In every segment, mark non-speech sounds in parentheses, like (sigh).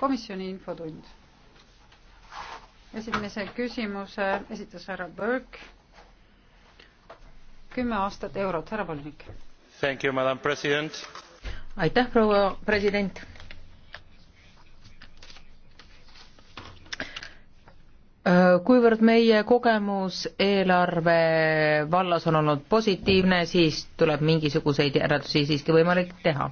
komisjoni infotund. esimese küsimuse esitas härra Burke. kümme aastat eurot, härra volinik. aitäh, proua president. Äh, kuivõrd meie kogemus eelarve vallas on olnud positiivne, siis tuleb mingisuguseid järeldusi siiski võimalik teha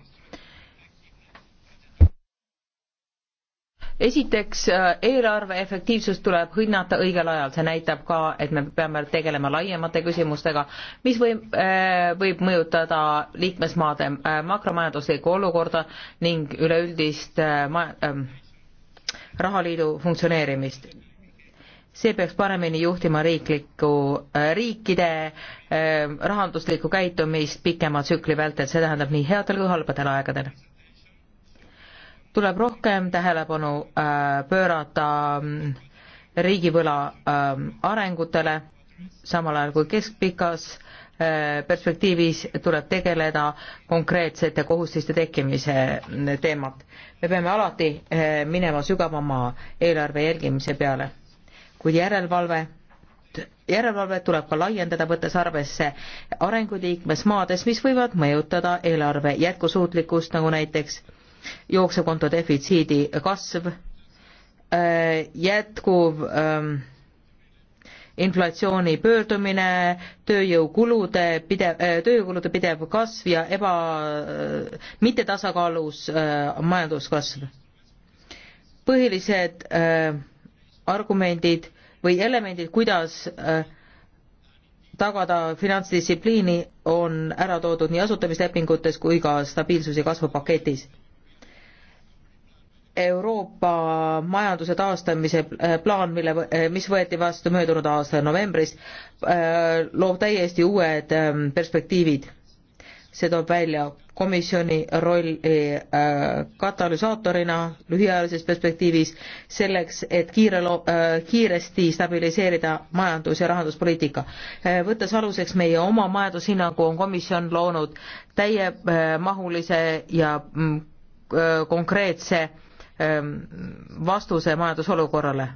esiteks, äh, eelarve efektiivsust tuleb hinnata õigel ajal, see näitab ka, et me peame tegelema laiemate küsimustega, mis võib, äh, võib mõjutada liikmesmaade äh, makromajanduslikku olukorda ning üleüldist ma-, ähm, rahaliidu funktsioneerimist. see peaks paremini juhtima riiklikku, riikide rahanduslikku käitumist pikema tsükli vältel, see tähendab nii headel kui halbadel aegadel tuleb rohkem tähelepanu äh, pöörata mm, riigivõla ähm, arengutele, samal ajal kui keskpikas äh, perspektiivis tuleb tegeleda konkreetsete kohustiste tekkimise mm, teemat. me peame alati äh, minema sügavama eelarve jälgimise peale, kuid järelevalve järelevalvet tuleb ka laiendada, võttes arvesse arenguid liikmesmaades, mis võivad mõjutada eelarve jätkusuutlikkust, nagu näiteks jooksevkonto defitsiidi kasv, äh, jätkuv ähm, inflatsiooni pöördumine, tööjõukulude pidev, äh, tööjõukulude pidev kasv ja eba, äh, mittetasakaalus majanduskasv. põhilised argumendid või elemendid, kuidas tagada finantsdistsipliini, on ära toodud nii asutamislepingutes kui ka stabiilsus- ja kasvupaketis Euroopa majanduse taastamise äh, plaan, mille, äh, mis võeti vastu möödunud aasta novembris, äh, loob täiesti uued ähm, perspektiivid. see toob välja komisjoni rolli katalüsaatorina lühiajalises perspektiivis selleks, et kiire, kiiresti stabiliseerida majandus- ja rahanduspoliitika. võttes aluseks meie oma majandushinnangu, on komisjon loonud täiemahulise ja mm, konkreetse Ähm, vastuse majandusolukorrale.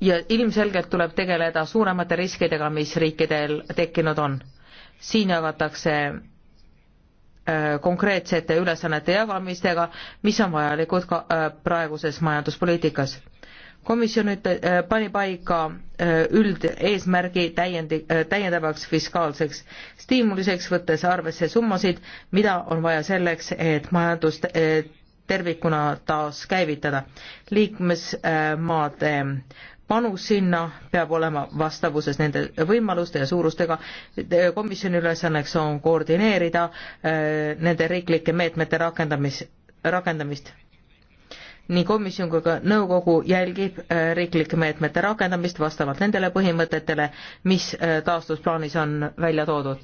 ja ilmselgelt tuleb tegeleda suuremate riskidega, mis riikidel tekkinud on. siin jagatakse äh, konkreetsete ülesannete jagamistega, mis on vajalikud ka äh, praeguses majanduspoliitikas komisjon nüüd äh, pani paika äh, üldeesmärgi täiendi, äh, täiendavaks fiskaalseks stiimuliseks, võttes arvesse summasid, mida on vaja selleks, et majandust tervikuna taaskäivitada. liikmesmaade panus sinna peab olema vastavuses nende võimaluste ja suurustega. komisjoni ülesanneks on koordineerida nende riiklike meetmete rakendamis, rakendamist nii komisjon kui ka nõukogu jälgib äh, riiklike meetmete rakendamist vastavalt nendele põhimõtetele, mis äh, taastusplaanis on välja toodud.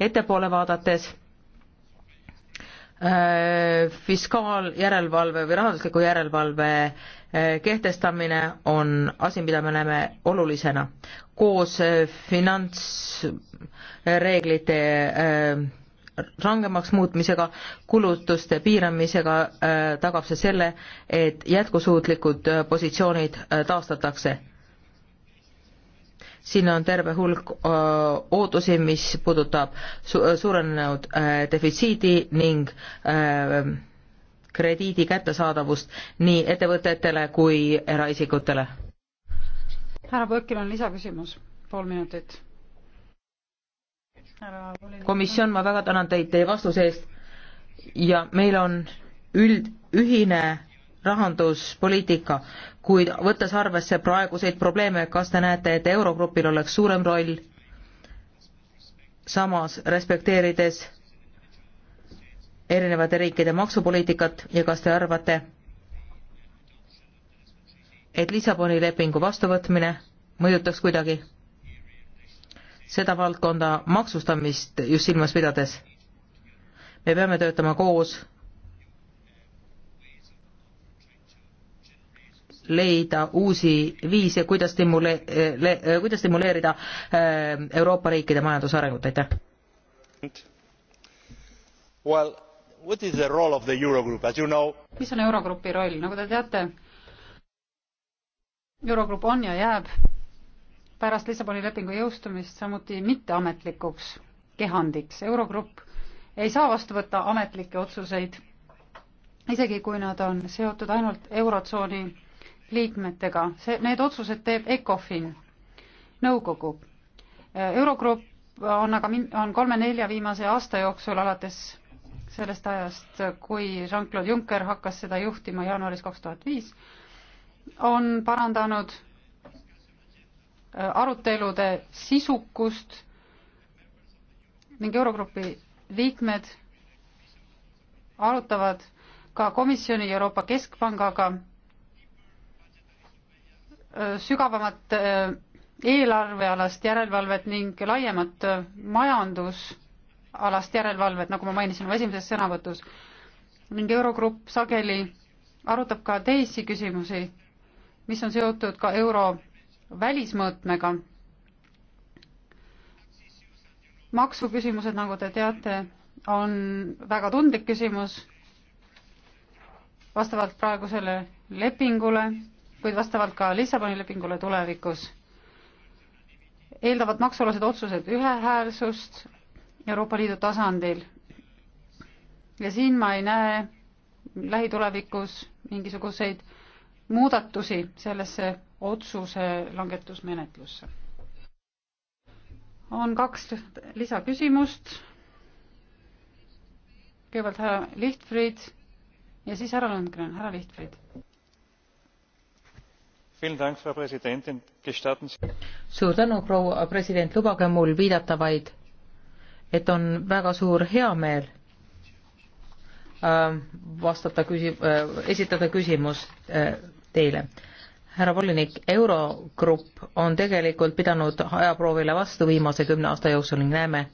ettepoole vaadates äh, fiskaaljärelevalve või rahandusliku järelevalve kehtestamine on asi, mida me näeme olulisena. koos finantsreeglite rangemaks muutmisega, kulutuste piiramisega äh, tagab see selle, et jätkusuutlikud äh, positsioonid äh, taastatakse. siin on terve hulk ootusi, mis puudutab suurenenud defitsiidi ning krediidi kättesaadavust nii ettevõtetele kui eraisikutele. härra Põkil on lisaküsimus, pool minutit komisjon, ma väga tänan teid teie vastuse eest ja meil on üld, ühine rahanduspoliitika, kuid võttes arvesse praeguseid probleeme, kas te näete, et Eurogrupil oleks suurem roll, samas respekteerides erinevate riikide maksupoliitikat ja kas te arvate, et Lissaboni lepingu vastuvõtmine mõjutaks kuidagi seda valdkonda maksustamist just silmas pidades. me peame töötama koos, leida uusi viise, kuidas stimule-, kuidas stimuleerida äh, Euroopa riikide majandusarengut, aitäh! Well, what is the role of the Eurogroup, as you know? mis on Eurogrupi roll, nagu te teate, Eurogrupp on ja jääb pärast Lissaboni lepingu jõustumist samuti mitteametlikuks kehandiks. Eurogrupp ei saa vastu võtta ametlikke otsuseid, isegi kui nad on seotud ainult Eurotsooni liikmetega. see, need otsused teeb ECOFIN, nõukogu. Eurogrupp on aga, on kolme-nelja viimase aasta jooksul alates sellest ajast, kui Jean-Claude Juncker hakkas seda juhtima jaanuaris kaks tuhat viis, on parandanud Äh, arutelude sisukust ning Eurogrupi liikmed arutavad ka komisjoni ja Euroopa Keskpangaga äh, sügavamat äh, eelarvealast järelevalvet ning laiemat majandusalast järelevalvet, nagu ma mainisin oma esimeses sõnavõtus. ning Eurogrupp sageli arutab ka teisi küsimusi, mis on seotud ka euro välismõõtmega. maksuküsimused, nagu te teate, on väga tundlik küsimus vastavalt praegusele lepingule, kuid vastavalt ka Lissaboni lepingule tulevikus. eeldavad maksualased otsused ühehäälsust Euroopa Liidu tasandil. ja siin ma ei näe lähitulevikus mingisuguseid muudatusi sellesse otsuse langetusmenetlusse. on kaks lisaküsimust. kõigepealt härra Lihtfried ja siis härra Lundgren, härra Lihtfried. suur tänu, proua president, lubage mul viidata vaid, et on väga suur heameel äh, vastata küsi-, äh, esitada küsimus äh, teile härra volinik, Eurogrupp on tegelikult pidanud ajaproovile vastu viimase kümne aasta jooksul ning näeme,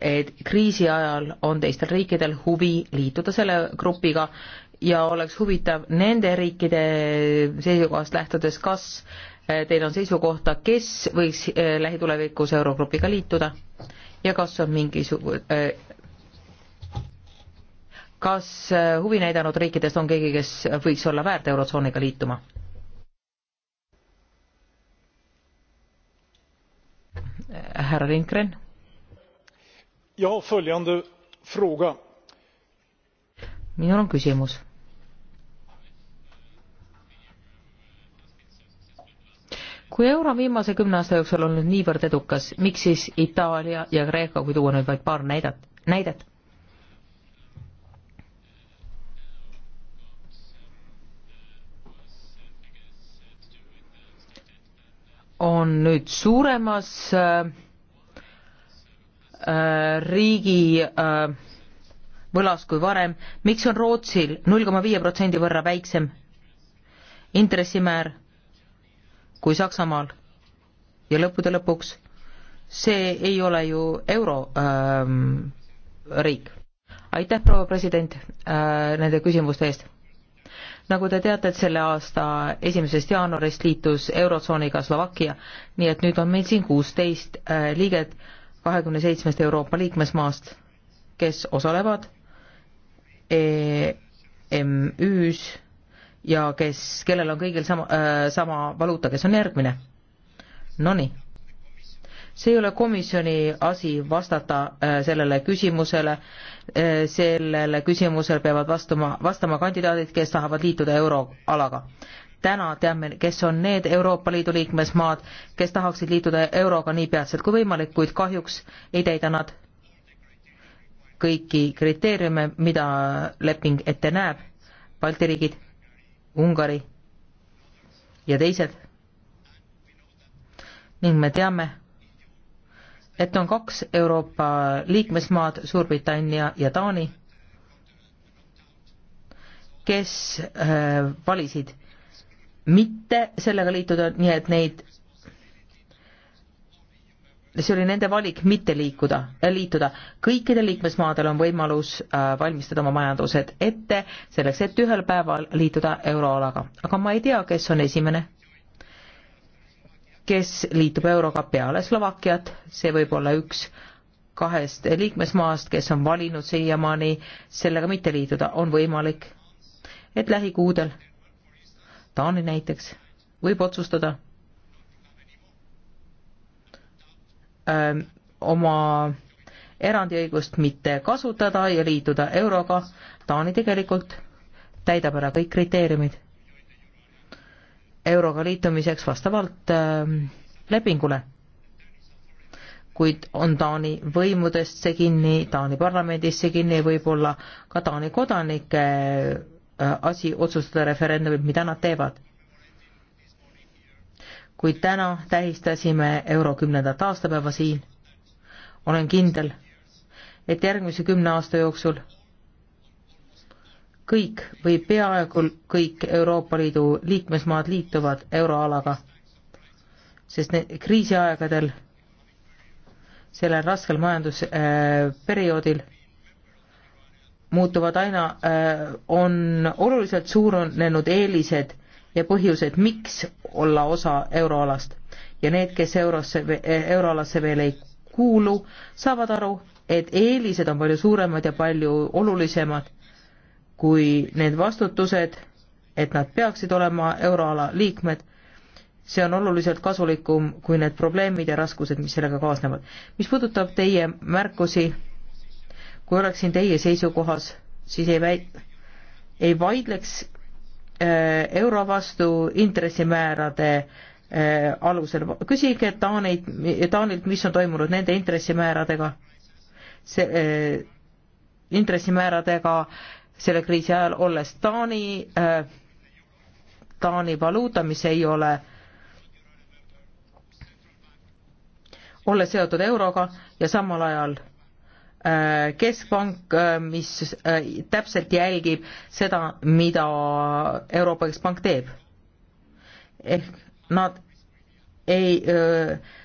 et kriisi ajal on teistel riikidel huvi liituda selle grupiga ja oleks huvitav nende riikide seisukohast lähtudes, kas eh, teil on seisukohta, kes võiks eh, lähitulevikus Eurogrupiga liituda ja kas on mingisugune eh, kas huvi näidanud riikidest on keegi, kes võiks olla väärt Eurotsooniga liituma? härra Lindgren. minul on küsimus. kui euro on viimase kümne aasta jooksul olnud niivõrd edukas, miks siis Itaalia ja Kreeka, kui tuua nüüd vaid paar näidet, näidet on nüüd suuremas äh, äh, riigi äh, võlas kui varem, miks on Rootsil null koma viie protsendi võrra väiksem intressimäär kui Saksamaal ja lõppude lõpuks see ei ole ju euroriik ähm, äh,. aitäh, proua president äh,, nende küsimuste eest nagu te teate, et selle aasta esimesest jaanuarist liitus Eurotsooniga Slovakkia, nii et nüüd on meil siin kuusteist äh, liiget kahekümne seitsmest Euroopa liikmesmaast, kes osalevad EMÜ-s ja kes, kellel on kõigil sama äh,, sama valuuta, kes on järgmine. Nonii see ei ole komisjoni asi vastata äh, sellele küsimusele, äh, sellele küsimusele peavad vastuma, vastama kandidaadid, kes tahavad liituda euroalaga. täna teame, kes on need Euroopa Liidu liikmesmaad, kes tahaksid liituda euroga nii peatselt kui võimalik, kuid kahjuks ei täida nad kõiki kriteeriume, mida leping ette näeb, Balti riigid, Ungari ja teised. ning me teame, et on kaks Euroopa liikmesmaad, Suurbritannia ja Taani, kes äh, valisid mitte sellega liituda, nii et neid, see oli nende valik mitte liikuda, äh, liituda. kõikidel liikmesmaadel on võimalus äh, valmistada oma majandused ette, selleks et ühel päeval liituda euroalaga. aga ma ei tea, kes on esimene kes liitub euroga peale Slovakkiat, see võib olla üks kahest liikmesmaast, kes on valinud siiamaani sellega mitte liituda, on võimalik, et lähikuudel Taani näiteks võib otsustada öö, ähm, oma erandiõigust mitte kasutada ja liituda euroga. Taani tegelikult täidab ära kõik kriteeriumid euroga liitumiseks vastavalt äh, lepingule. kuid on Taani võimudest see kinni, Taani parlamendis see kinni, võib-olla ka Taani kodanike äh, asi otsustada referendumil, mida nad teevad. kuid täna tähistasime euro kümnendat aastapäeva siin. olen kindel, et järgmise kümne aasta jooksul kõik või peaaegu kõik Euroopa Liidu liikmesmaad liituvad euroalaga, sest kriisiaegadel, sellel raskel majandusperioodil äh, muutuvad aina äh,, on oluliselt suurenenud eelised ja põhjused, miks olla osa euroalast. ja need, kes eurosse, euroalasse veel ei kuulu, saavad aru, et eelised on palju suuremad ja palju olulisemad kui need vastutused, et nad peaksid olema euroala liikmed, see on oluliselt kasulikum kui need probleemid ja raskused, mis sellega kaasnevad. mis puudutab teie märkusi, kui oleksin teie seisukohas, siis ei väi-, ei vaidleks äh, euro vastu intressimäärade äh, alusel. küsige Taanit, Taanilt, mis on toimunud nende intressimääradega. see äh, intressimääradega selle kriisi ajal, olles Taani, äh, Taani valuuta, mis ei ole, olles seotud euroga ja samal ajal äh, keskpank, äh, mis täpselt jälgib seda, mida Euroopa Keskpank teeb. ehk nad ei,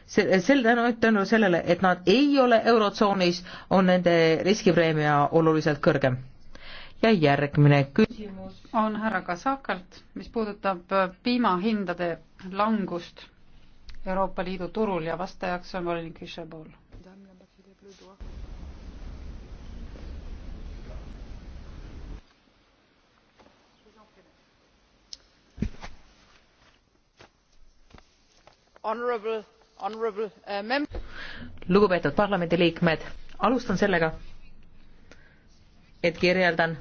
sel tänu, tänu sellele, et nad ei ole Eurotsoonis, on nende riskipreemia oluliselt kõrgem ja järgmine küsimus on härra Kasakalt, mis puudutab äh, piimahindade langust Euroopa Liidu turul ja vastajaks on volinik Ishabol. Äh, lugupeetud parlamendiliikmed, alustan sellega, et kirjeldan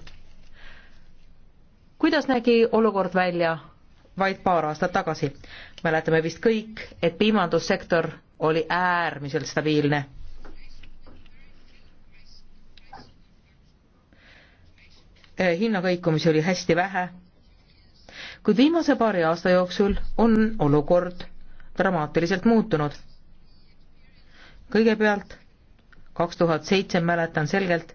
kuidas nägi olukord välja vaid paar aastat tagasi? mäletame vist kõik, et piimandussektor oli äärmiselt stabiilne. Äh, hinnakõikumisi oli hästi vähe, kuid viimase paari aasta jooksul on olukord dramaatiliselt muutunud. kõigepealt kaks tuhat seitse mäletan selgelt,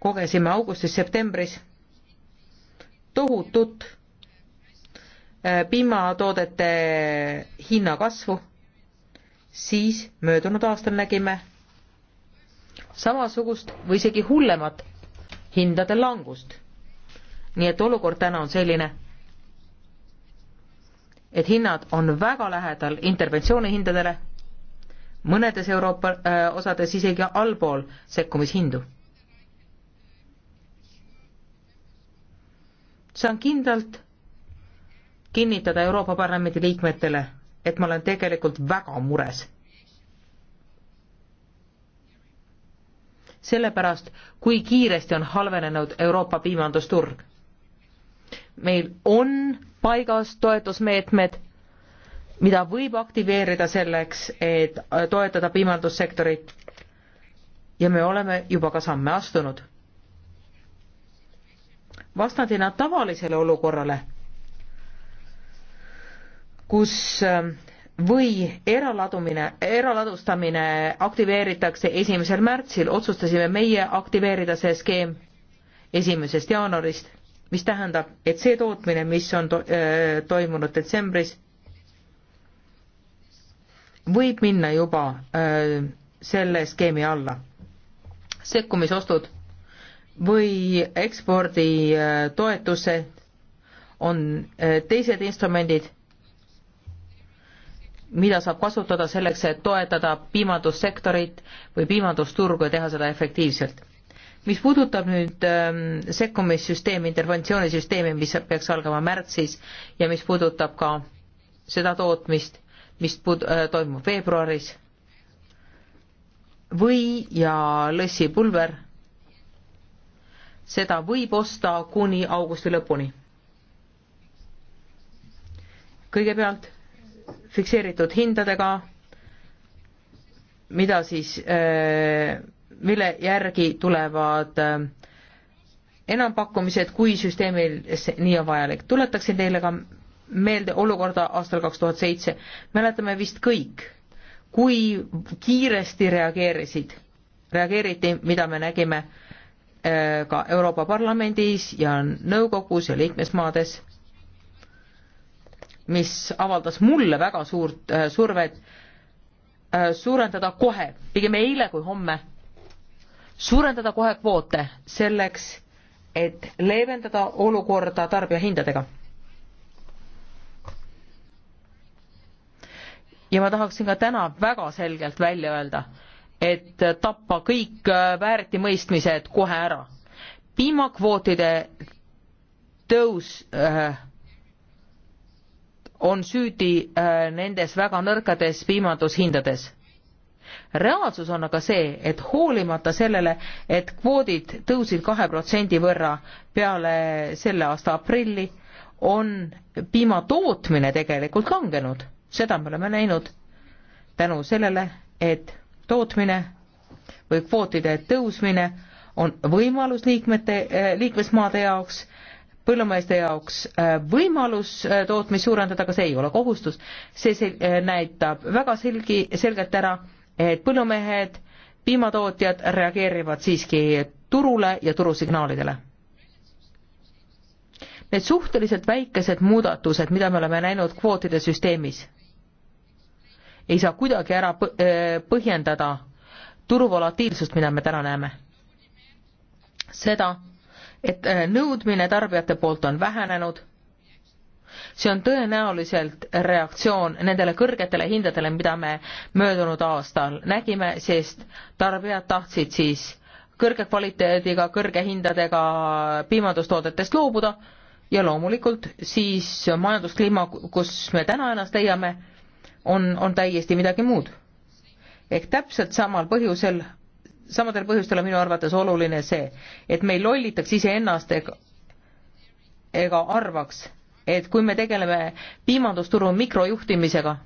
kogesime augustis-septembris tohutut äh, piimatoodete hinna kasvu, siis möödunud aastal nägime samasugust või isegi hullemat hindade langust. nii et olukord täna on selline, et hinnad on väga lähedal interventsioonihindadele, mõnedes Euroopa äh, osades isegi allpool sekkumishindu saan kindlalt kinnitada Euroopa Parlamendi liikmetele, et ma olen tegelikult väga mures. sellepärast, kui kiiresti on halvenenud Euroopa piimandusturg. meil on paigas toetusmeetmed, mida võib aktiveerida selleks, et toetada piimandussektorit ja me oleme juba ka samme astunud vastandina tavalisele olukorrale, kus ähm, või eraladumine, eraladustamine aktiveeritakse esimesel märtsil, otsustasime meie aktiveerida see skeem esimesest jaanuarist, mis tähendab, et see tootmine, mis on to äh, toimunud detsembris, võib minna juba äh, selle skeemi alla. sekkumisostud või eksporditoetuse, on eh, teised instrumendid, mida saab kasutada selleks, et toetada piimandussektorit või piimandusturgu ja teha seda efektiivselt. mis puudutab nüüd ähm, sekkumissüsteemi, interventsioonisüsteemi, mis peaks algama märtsis ja mis puudutab ka seda tootmist, mis puud- äh,, toimub veebruaris, või ja lõssipulber seda võib osta kuni augusti lõpuni. kõigepealt fikseeritud hindadega, mida siis, äh, mille järgi tulevad äh, enampakkumised, kui süsteemil nii on vajalik. tuletaksin teile ka meelde olukorda aastal kaks tuhat seitse. mäletame vist kõik, kui kiiresti reageerisid, reageeriti, mida me nägime äh, Äh, ka Euroopa Parlamendis ja nõukogus ja liikmesmaades, mis avaldas mulle väga suurt äh, survet äh, suurendada kohe, pigem eile kui homme, suurendada kohe kvoote selleks, et leevendada olukorda tarbijahindadega. ja ma tahaksin ka täna väga selgelt välja öelda, et tappa kõik äh, väärtimõistmised kohe ära. piimakvootide tõus äh, on süüdi äh, nendes väga nõrkades piimandushindades. reaalsus on aga see, et hoolimata sellele, et kvoodid tõusid kahe protsendi võrra peale selle aasta aprilli, on piima tootmine tegelikult langenud, seda me oleme näinud tänu sellele, et tootmine või kvootide tõusmine on võimalus liikmete, eh, liikmesmaade jaoks, põllumeeste jaoks eh, võimalus eh, tootmist suurendada, aga see ei ole kohustus. see näitab väga selgi, selgelt ära, et põllumehed, piimatootjad reageerivad siiski turule ja turusignaalidele. Need suhteliselt väikesed muudatused, mida me oleme näinud kvootide süsteemis ei saa kuidagi ära äh, põhjendada turuvolatiilsust, mida me täna näeme. seda, et äh, nõudmine tarbijate poolt on vähenenud, see on tõenäoliselt reaktsioon nendele kõrgetele hindadele, mida me möödunud aastal nägime, sest tarbijad tahtsid siis kõrge kvaliteediga, kõrge hindadega piimandustoodetest loobuda ja loomulikult siis majanduskliima, kus me täna ennast leiame, on, on täiesti midagi muud. ehk täpselt samal põhjusel, samadel põhjustel on minu arvates oluline see, et me ei lollitaks iseennast ega, ega arvaks, et kui me tegeleme piimandusturu mikrojuhtimisega,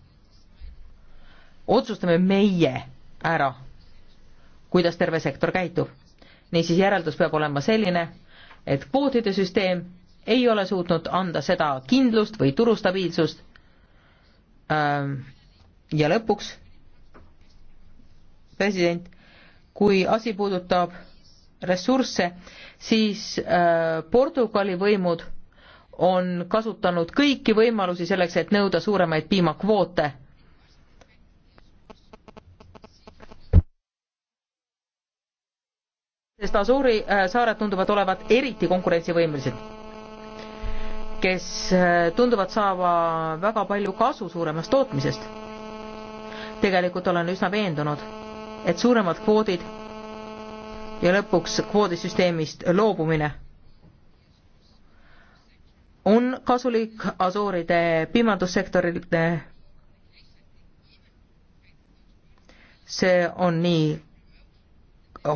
otsustame meie ära, kuidas terve sektor käitub. niisiis järeldus peab olema selline, et kvootide süsteem ei ole suutnud anda seda kindlust või turustabiilsust Ähm, ja lõpuks, president, kui asi puudutab ressursse, siis äh, Portugali võimud on kasutanud kõiki võimalusi selleks, et nõuda suuremaid piimakvoote. sest Asuuri äh, saared tunduvad olevat eriti konkurentsivõimelised kes äh, tunduvad saava väga palju kasu suuremast tootmisest. tegelikult olen üsna veendunud, et suuremad kvoodid ja lõpuks kvoodisüsteemist loobumine on kasulik Asuuride piimandussektorile. see on nii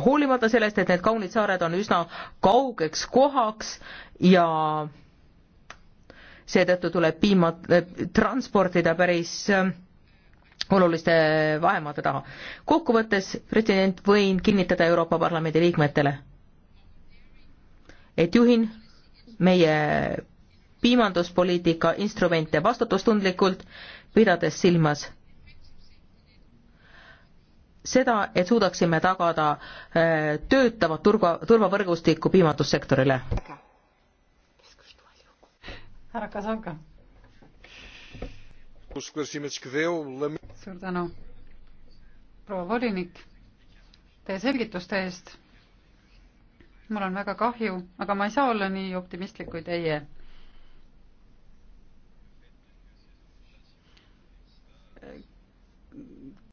hoolimata sellest, et need kaunid saared on üsna kaugeks kohaks ja seetõttu tuleb piima äh, transportida päris äh, oluliste vahemaade taha. kokkuvõttes, president, võin kinnitada Euroopa Parlamendi liikmetele, et juhin meie piimanduspoliitika instrumente vastutustundlikult, pidades silmas seda, et suudaksime tagada äh, töötavat turva, turvavõrgustikku piimandussektorile härra Kasanka. suur tänu, proua volinik, teie selgituste eest. mul on väga kahju, aga ma ei saa olla nii optimistlik kui teie.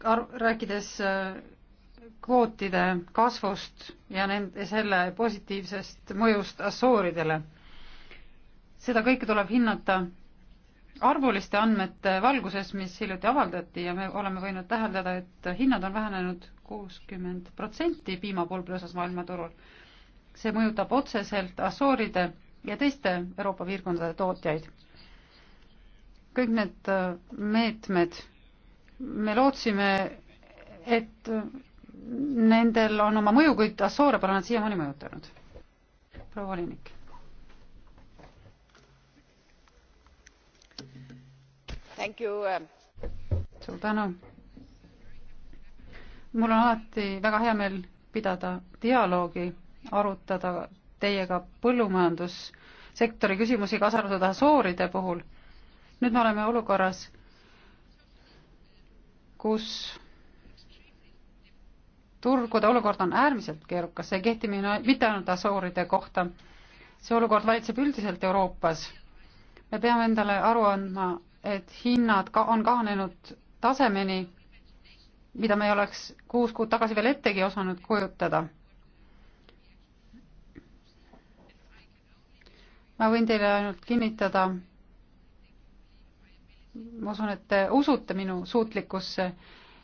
Arv-, rääkides äh, kvootide kasvust ja nende, selle positiivsest mõjust Assooridele seda kõike tuleb hinnata arvuliste andmete valguses, mis hiljuti avaldati ja me oleme võinud täheldada, et hinnad on vähenenud kuuskümmend protsenti piimapulbri osas maailmaturul. see mõjutab otseselt Assooride ja teiste Euroopa piirkondade tootjaid. kõik need äh, meetmed, me lootsime, et nendel on oma mõju, kuid Assoore pole nad siiamaani mõjutanud. proua volinik Um, suur tänu. mul on alati väga hea meel pidada dialoogi, arutada teiega põllumajandussektori küsimusi, kaasa arvatud Asooride puhul. nüüd me oleme olukorras, kus turgude olukord on äärmiselt keerukas, see ei kehti minu, mitte ainult Asooride kohta. see olukord valitseb üldiselt Euroopas. me peame endale aru andma, et hinnad ka on kahanenud tasemeni, mida me ei oleks kuus kuud tagasi veel ettegi osanud kujutada. ma võin teile ainult kinnitada, ma usun, et te usute minu suutlikkusse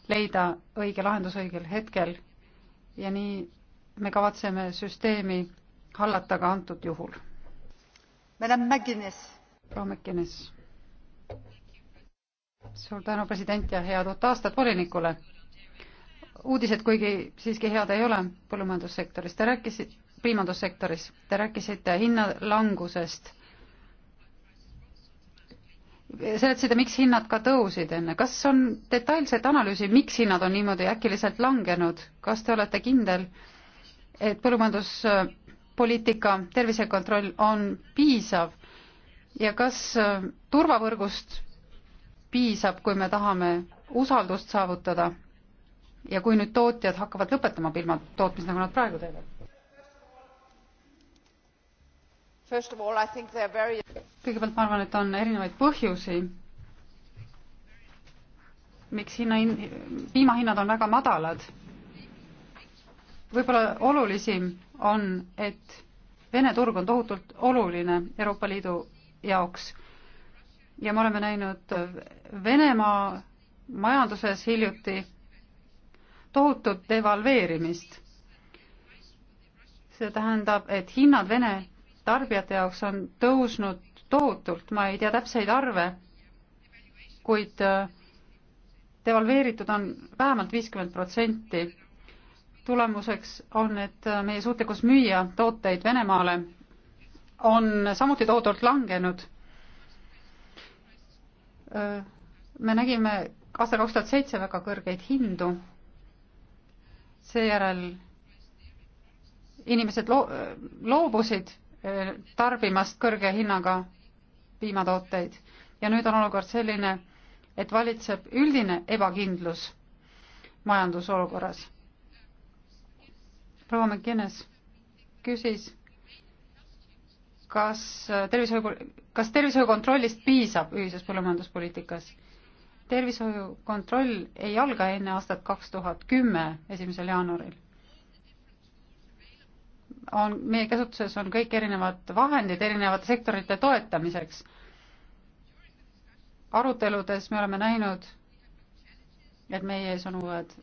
leida õige lahendus õigel hetkel ja nii me kavatseme süsteemi hallata ka antud juhul. proua McGuinness suur tänu, president ja head uut aastat volinikule. uudised kuigi siiski head ei ole põllumajandussektoris, te rääkisite, piimandussektoris, te rääkisite hinnalangusest. seletasite, miks hinnad ka tõusid enne, kas on detailset analüüsi, miks hinnad on niimoodi äkiliselt langenud, kas te olete kindel, et põllumajanduspoliitika tervisekontroll on piisav ja kas turvavõrgust piisab, kui me tahame usaldust saavutada ja kui nüüd tootjad hakkavad lõpetama pilma tootmist, nagu nad praegu teevad? kõigepealt ma arvan, et on erinevaid põhjusi, miks hinna, piimahinnad on väga madalad. võib-olla olulisim on, et Vene turg on tohutult oluline Euroopa Liidu jaoks ja me oleme näinud Venemaa majanduses hiljuti tohutut devalveerimist. see tähendab, et hinnad Vene tarbijate jaoks on tõusnud tohutult, ma ei tea täpseid arve, kuid äh, devalveeritud on vähemalt viiskümmend protsenti. tulemuseks on, et äh, meie suutlikkus müüa tooteid Venemaale on samuti tohutult langenud me nägime aastal kaks tuhat seitse väga kõrgeid hindu, seejärel inimesed loo-, loobusid tarbimast kõrge hinnaga piimatooteid ja nüüd on olukord selline, et valitseb üldine ebakindlus majandusolukorras. proua McGuinness küsis kas tervishoiu, kas tervishoiukontrollist piisab ühises põllumajanduspoliitikas? tervishoiukontroll ei alga enne aastat kaks tuhat kümme, esimesel jaanuaril. on, meie käsutuses on kõik erinevad vahendid erinevate sektorite toetamiseks. aruteludes me oleme näinud, et meie ees on uued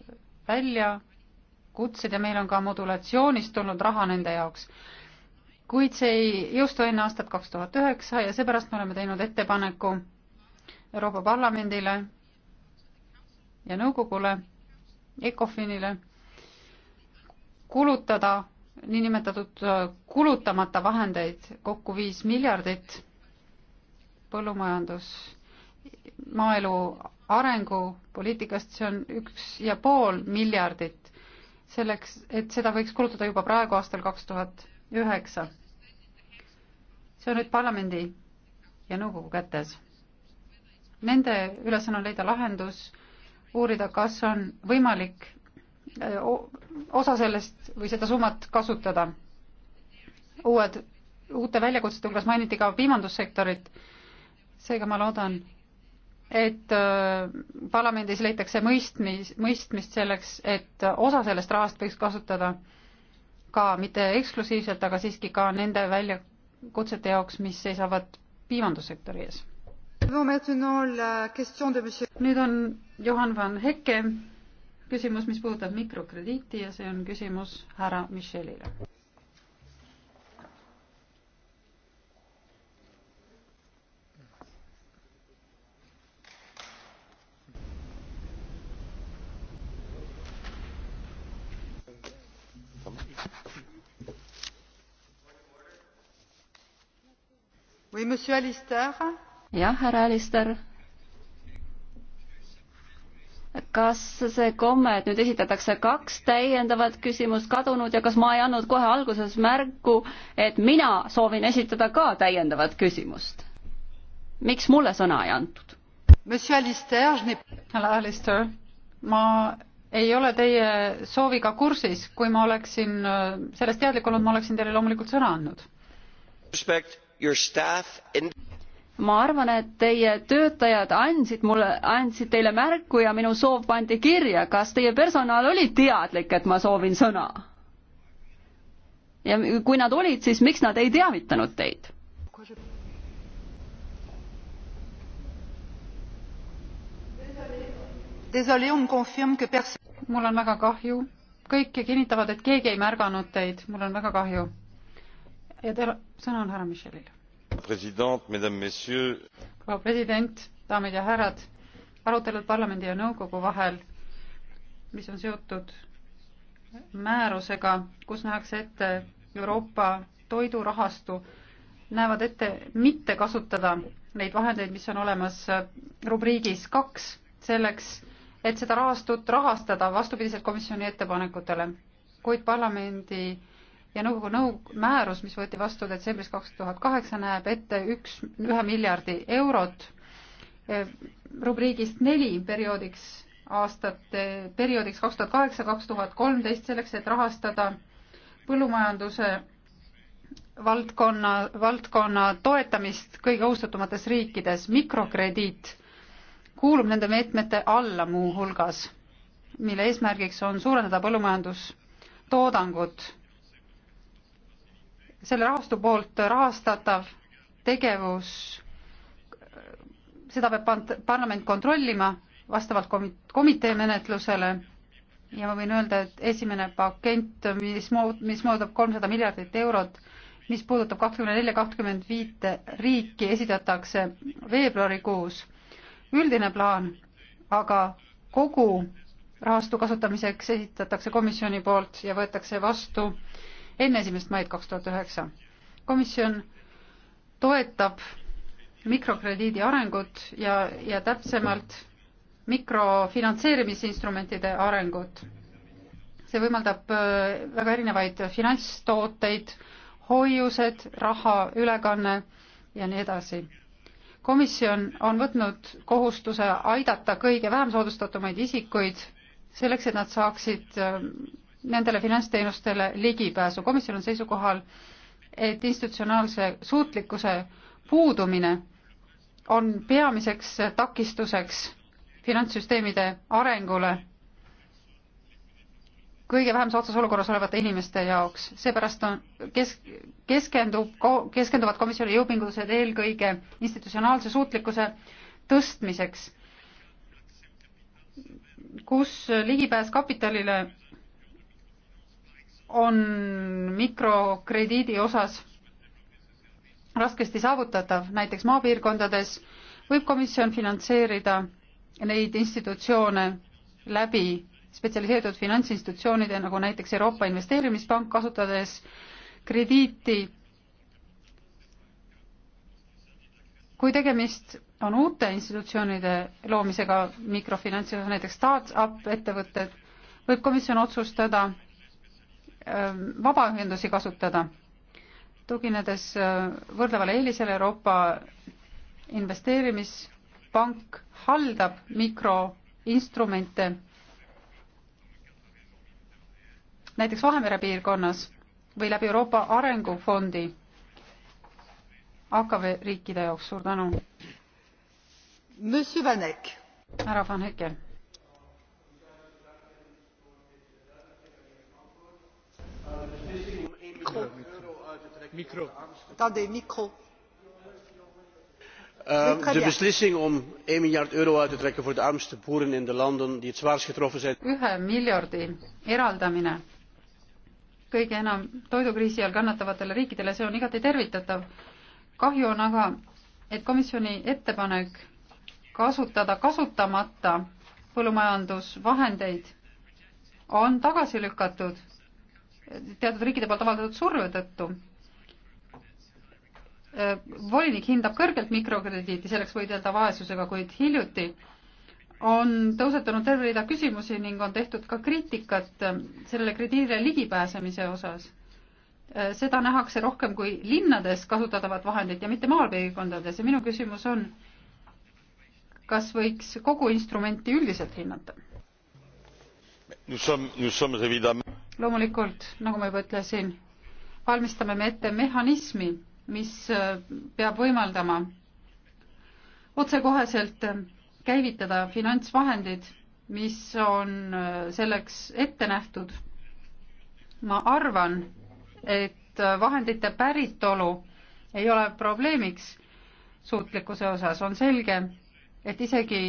väljakutsed ja meil on ka modulatsioonist tulnud raha nende jaoks kuid see ei jõustu enne aastat kaks tuhat üheksa ja seepärast me oleme teinud ettepaneku Euroopa Parlamendile ja nõukogule, ECOFINile kulutada niinimetatud kulutamata vahendeid kokku viis miljardit põllumajandus, maaelu arengupoliitikast, see on üks ja pool miljardit selleks, et seda võiks kulutada juba praegu aastal kaks tuhat üheksa. see on nüüd parlamendi ja nõukogu kätes. Nende ülesanne on leida lahendus, uurida, kas on võimalik äh, osa sellest või seda summat kasutada. uued, uute väljakutsete hulgas mainiti ka piimandussektorit, seega ma loodan, et äh, parlamendis leitakse mõistmis, mõistmist selleks, et osa sellest rahast võiks kasutada äh, ka mitte eksklusiivselt, aga siiski ka nende väljakutsete jaoks, mis seisavad piimandussektori ees. nüüd on Johan van Hekke küsimus, mis puudutab mikrokrediiti ja see on küsimus härra Michelile jah, härra Alister kas see komme, et nüüd esitatakse kaks täiendavat küsimust kadunud ja kas ma ei andnud kohe alguses märku, et mina soovin esitada ka täiendavat küsimust? miks mulle sõna ei antud? härra Alister, ma ei ole teie sooviga kursis, kui ma oleksin sellest teadlik olnud, ma oleksin teile loomulikult sõna andnud. Respect your staff in ma arvan, et teie töötajad andsid mulle, andsid teile märku ja minu soov pandi kirja. kas teie personal oli teadlik, et ma soovin sõna? ja kui nad olid, siis miks nad ei teavitanud teid? mul on väga kahju, kõik kinnitavad, et keegi ei märganud teid, mul on väga kahju ja teil sõna on härra Michelil. president, mesdames, messieurs. proua president, daamid ja härrad, arutelud parlamendi ja nõukogu vahel, mis on seotud määrusega, kus nähakse ette Euroopa toidurahastu, näevad ette mitte kasutada neid vahendeid, mis on olemas rubriigis kaks, selleks, et seda rahastut rahastada vastupidiselt komisjoni ettepanekutele. kuid parlamendi äh, ja nõukogu nõu-, määrus, mis võeti vastu detsembris kaks tuhat kaheksa, näeb ette üks, ühe miljardi eurot eh, rubriigist neli perioodiks aastate, perioodiks kaks tuhat kaheksa, kaks tuhat kolmteist, selleks et rahastada põllumajanduse valdkonna, valdkonna toetamist kõige ohustatumates riikides. mikrokrediit kuulub nende meetmete alla muuhulgas, mille eesmärgiks on suurendada põllumajandustoodangut selle rahastu poolt rahastatav tegevus, seda peab parlament kontrollima vastavalt komitee menetlusele ja ma võin öelda, et esimene pakett, mis muud, mis mõõdab kolmsada miljardit eurot, mis puudutab kakskümmend neli, kakskümmend viite riiki, esitatakse veebruarikuus. üldine plaan aga kogu rahastu kasutamiseks esitatakse komisjoni poolt ja võetakse vastu enne esimest maid kaks tuhat üheksa. komisjon toetab mikrokrediidi arengut ja, ja täpsemalt mikrofinantseerimisinstrumentide arengut. see võimaldab äh, väga erinevaid finantstooteid, hoiused, raha, ülekanne ja nii edasi. komisjon on võtnud kohustuse aidata kõige vähem soodustatumaid isikuid selleks, et nad saaksid äh, nendele finantsteenustele ligipääsu. komisjon on seisukohal, et institutsionaalse suutlikkuse puudumine on peamiseks takistuseks finantssüsteemide arengule kõige vähem soodsas olukorras olevate inimeste jaoks. seepärast on kes-, keskendub, keskenduvad komisjoni jõupingutused eelkõige institutsionaalse suutlikkuse tõstmiseks, kus ligipääs kapitalile on mikrokrediidi osas raskesti saavutatav, näiteks maapiirkondades võib komisjon finantseerida neid institutsioone läbi spetsialiseeritud finantsinstitutsioonide, nagu näiteks Euroopa Investeerimispank, kasutades krediiti. kui tegemist on uute institutsioonide loomisega mikrofinantsi, näiteks startup ettevõtted, võib komisjon otsustada Ähm, vabaühendusi kasutada, tuginedes äh, võrdlevale eelisele Euroopa investeerimispank haldab mikroinstrumente näiteks Vahemere piirkonnas või läbi Euroopa Arengufondi AKV riikide jaoks, suur tänu. härra Van Hekel Ehm, de beslissing om één miljard euro uit te trekken voor de armste boeren in de landen die het zwaarst getroffen zijn. ühe miljardi eraldamine kõige enam toidukriisi all kannatavatele riikidele, see on igati tervitatav. kahju on aga, et komisjoni ettepanek kasutada kasutamata põllumajandusvahendeid on tagasi lükatud teatud riikide poolt avaldatud surve tõttu. Äh, volinik hindab kõrgelt mikrokrediiti selleks võidelda vaesusega, kuid hiljuti on tõusetunud terve rida küsimusi ning on tehtud ka kriitikat äh, sellele krediidile ligipääsemise osas. Äh, seda nähakse rohkem kui linnades kasutatavat vahendit ja mitte maapiirkondades ja minu küsimus on, kas võiks kogu instrumenti üldiselt hinnata? loomulikult, nagu ma juba ütlesin, valmistame me ette mehhanismi, mis äh, peab võimaldama otsekoheselt äh, käivitada finantsvahendid, mis on äh, selleks ette nähtud. ma arvan, et vahendite päritolu ei ole probleemiks suutlikkuse osas, on selge, et isegi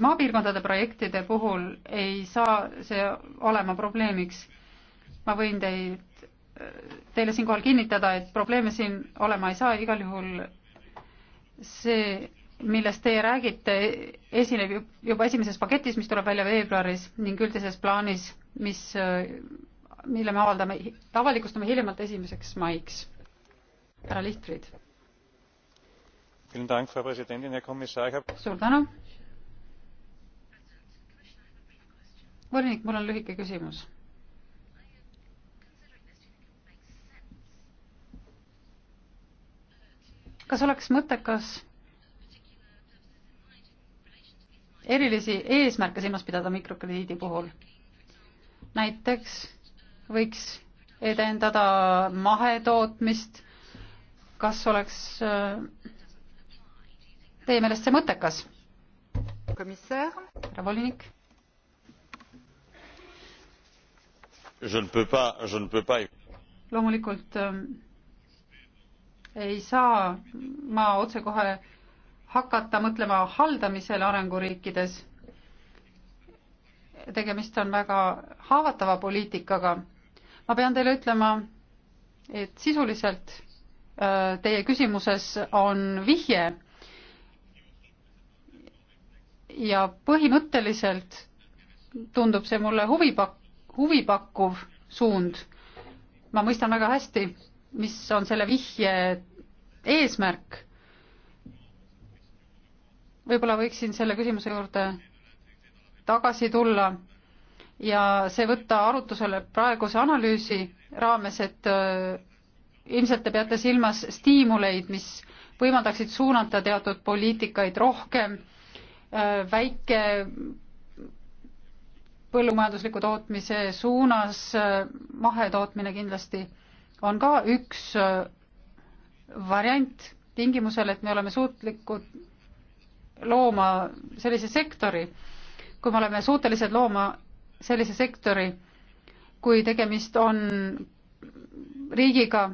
maapiirkondade projektide puhul ei saa see olema probleemiks. ma võin teid, teile siinkohal kinnitada, et probleeme siin olema ei saa, igal juhul see, millest teie räägite, esineb juba esimeses paketis, mis tuleb välja veebruaris ning üldises plaanis, mis, mille me avaldame, avalikustame hiljemalt esimeseks maiks. härra Lihtfried. suur tänu volinik, mul on lühike küsimus. kas oleks mõttekas erilisi eesmärke silmas pidada mikrokrediidi puhul? näiteks võiks edendada mahetootmist, kas oleks äh, teie meelest see mõttekas? härra volinik loomulikult ähm, ei saa ma otsekohe hakata mõtlema haldamisele arenguriikides. tegemist on väga haavatava poliitikaga. ma pean teile ütlema, et sisuliselt äh, teie küsimuses on vihje ja põhimõtteliselt tundub see mulle huvipakkuv huvipakkuv suund. ma mõistan väga hästi, mis on selle vihje eesmärk. võib-olla võiksin selle küsimuse juurde tagasi tulla ja see võtta arutusele praeguse analüüsi raames, et äh, ilmselt te peate silmas stiimuleid, mis võimaldaksid suunata teatud poliitikaid rohkem äh, väike põllumajandusliku tootmise suunas, mahetootmine kindlasti on ka üks äh, variant tingimusel, et me oleme suutlikud looma sellise sektori, kui me oleme suutelised looma sellise sektori, kui tegemist on riigiga,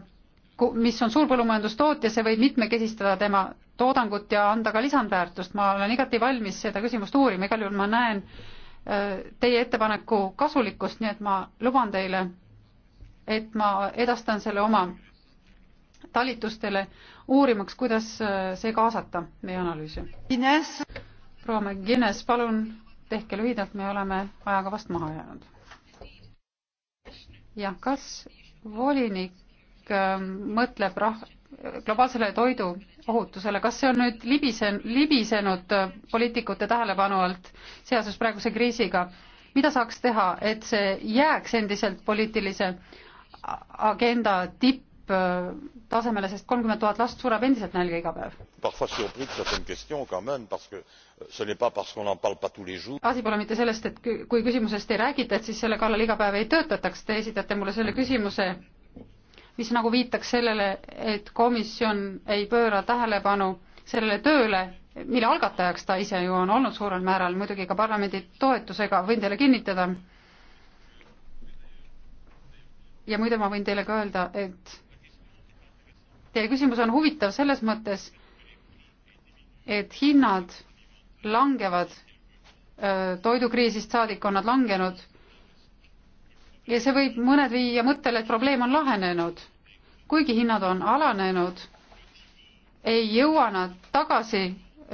mis on suur põllumajandustootja, see võib mitmekesistada tema toodangut ja anda ka lisandväärtust, ma olen igati valmis seda küsimust uurima, igal juhul ma näen, teie ettepaneku kasulikkust, nii et ma luban teile, et ma edastan selle oma talitustele, uurimaks, kuidas äh, see kaasata meie analüüsi. Ines. proua McGuinness, palun tehke lühidalt, me oleme ajaga vast maha jäänud. jah, kas volinik äh, mõtleb rah-, globaalsele toidu ohutusele, kas see on nüüd libisen-, libisenud poliitikute tähelepanu alt seoses praeguse kriisiga? mida saaks teha, et see jääks endiselt poliitilise agenda tipptasemele, äh, sest kolmkümmend tuhat last sureb endiselt nälga iga päev? Euh, asi pole mitte sellest, et kui küsimusest ei räägita, et siis selle kallal iga päev ei töötataks, te esitate mulle selle mm. küsimuse mis nagu viitaks sellele, et komisjon ei pööra tähelepanu sellele tööle, mille algatajaks ta ise ju on olnud suurel määral, muidugi ka parlamendi toetusega, võin teile kinnitada. ja muide, ma võin teile ka öelda, et teie küsimus on huvitav selles mõttes, et hinnad langevad, toidukriisist saadik on nad langenud ja see võib mõned viia mõttele, et probleem on lahenenud. kuigi hinnad on alanenud, ei jõua nad tagasi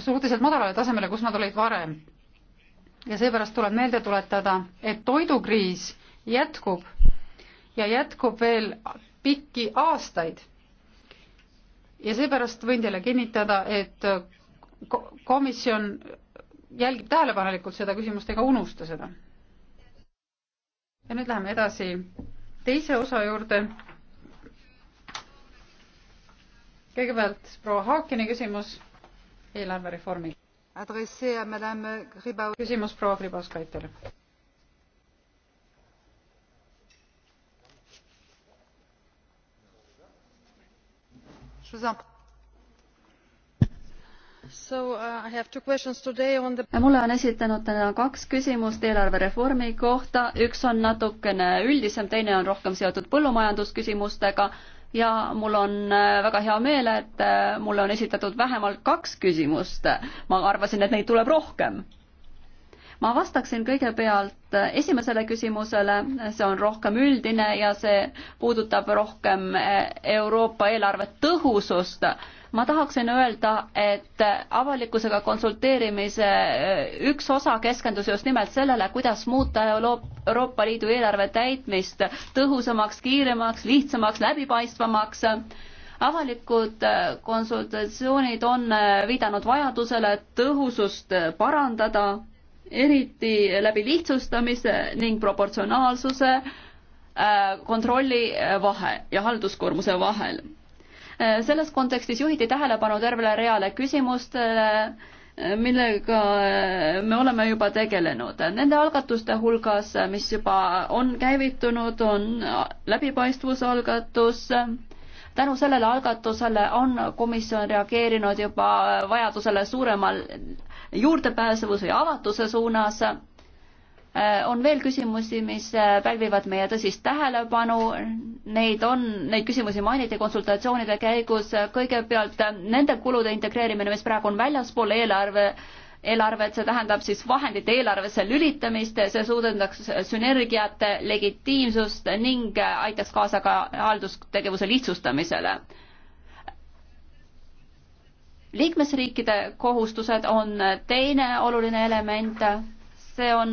suhteliselt madalale tasemele, kus nad olid varem. ja seepärast tuleb meelde tuletada, et toidukriis jätkub ja jätkub veel pikki aastaid. ja seepärast võin teile kinnitada, et komisjon jälgib tähelepanelikult seda küsimust ega unusta seda ja nüüd läheme edasi teise osa juurde. kõigepealt proua Haakini küsimus eelarvereformi. küsimus proua Gribauskaitele. Je vous en prie. So, uh, the... mulle on esitanud täna kaks küsimust eelarvereformi kohta, üks on natukene üldisem, teine on rohkem seotud põllumajandusküsimustega ja mul on äh, väga hea meel, et äh, mulle on esitatud vähemalt kaks küsimust. ma arvasin, et neid tuleb rohkem. ma vastaksin kõigepealt äh, esimesele küsimusele, see on rohkem üldine ja see puudutab rohkem Euroopa eelarve tõhusust ma tahaksin öelda, et avalikkusega konsulteerimise äh, üks osa keskendus just nimelt sellele, kuidas muuta Euroopa Liidu eelarve täitmist tõhusamaks, kiiremaks, lihtsamaks, läbipaistvamaks avalikud äh, konsultatsioonid on äh, viidanud vajadusele tõhusust parandada, eriti läbi lihtsustamise ning proportsionaalsuse kontrolli vahe ja halduskoormuse vahel selles kontekstis juhiti tähelepanu tervele reale küsimustele, millega me oleme juba tegelenud. Nende algatuste hulgas, mis juba on käivitunud, on läbipaistvusalgatus. tänu sellele algatusele on komisjon reageerinud juba vajadusele suuremal juurdepääsevuse ja avatuse suunas Äh, on veel küsimusi, mis äh, pälvivad meie tõsist tähelepanu, neid on, neid küsimusi mainiti konsultatsioonide käigus, kõigepealt äh, nende kulude integreerimine, mis praegu on väljaspool eelarve, eelarvet, see tähendab siis vahendite eelarvesse lülitamist, see suudendaks sünergiat, legitiimsust ning aitaks kaasa ka haldustegevuse lihtsustamisele liikmesriikide kohustused on teine oluline element see on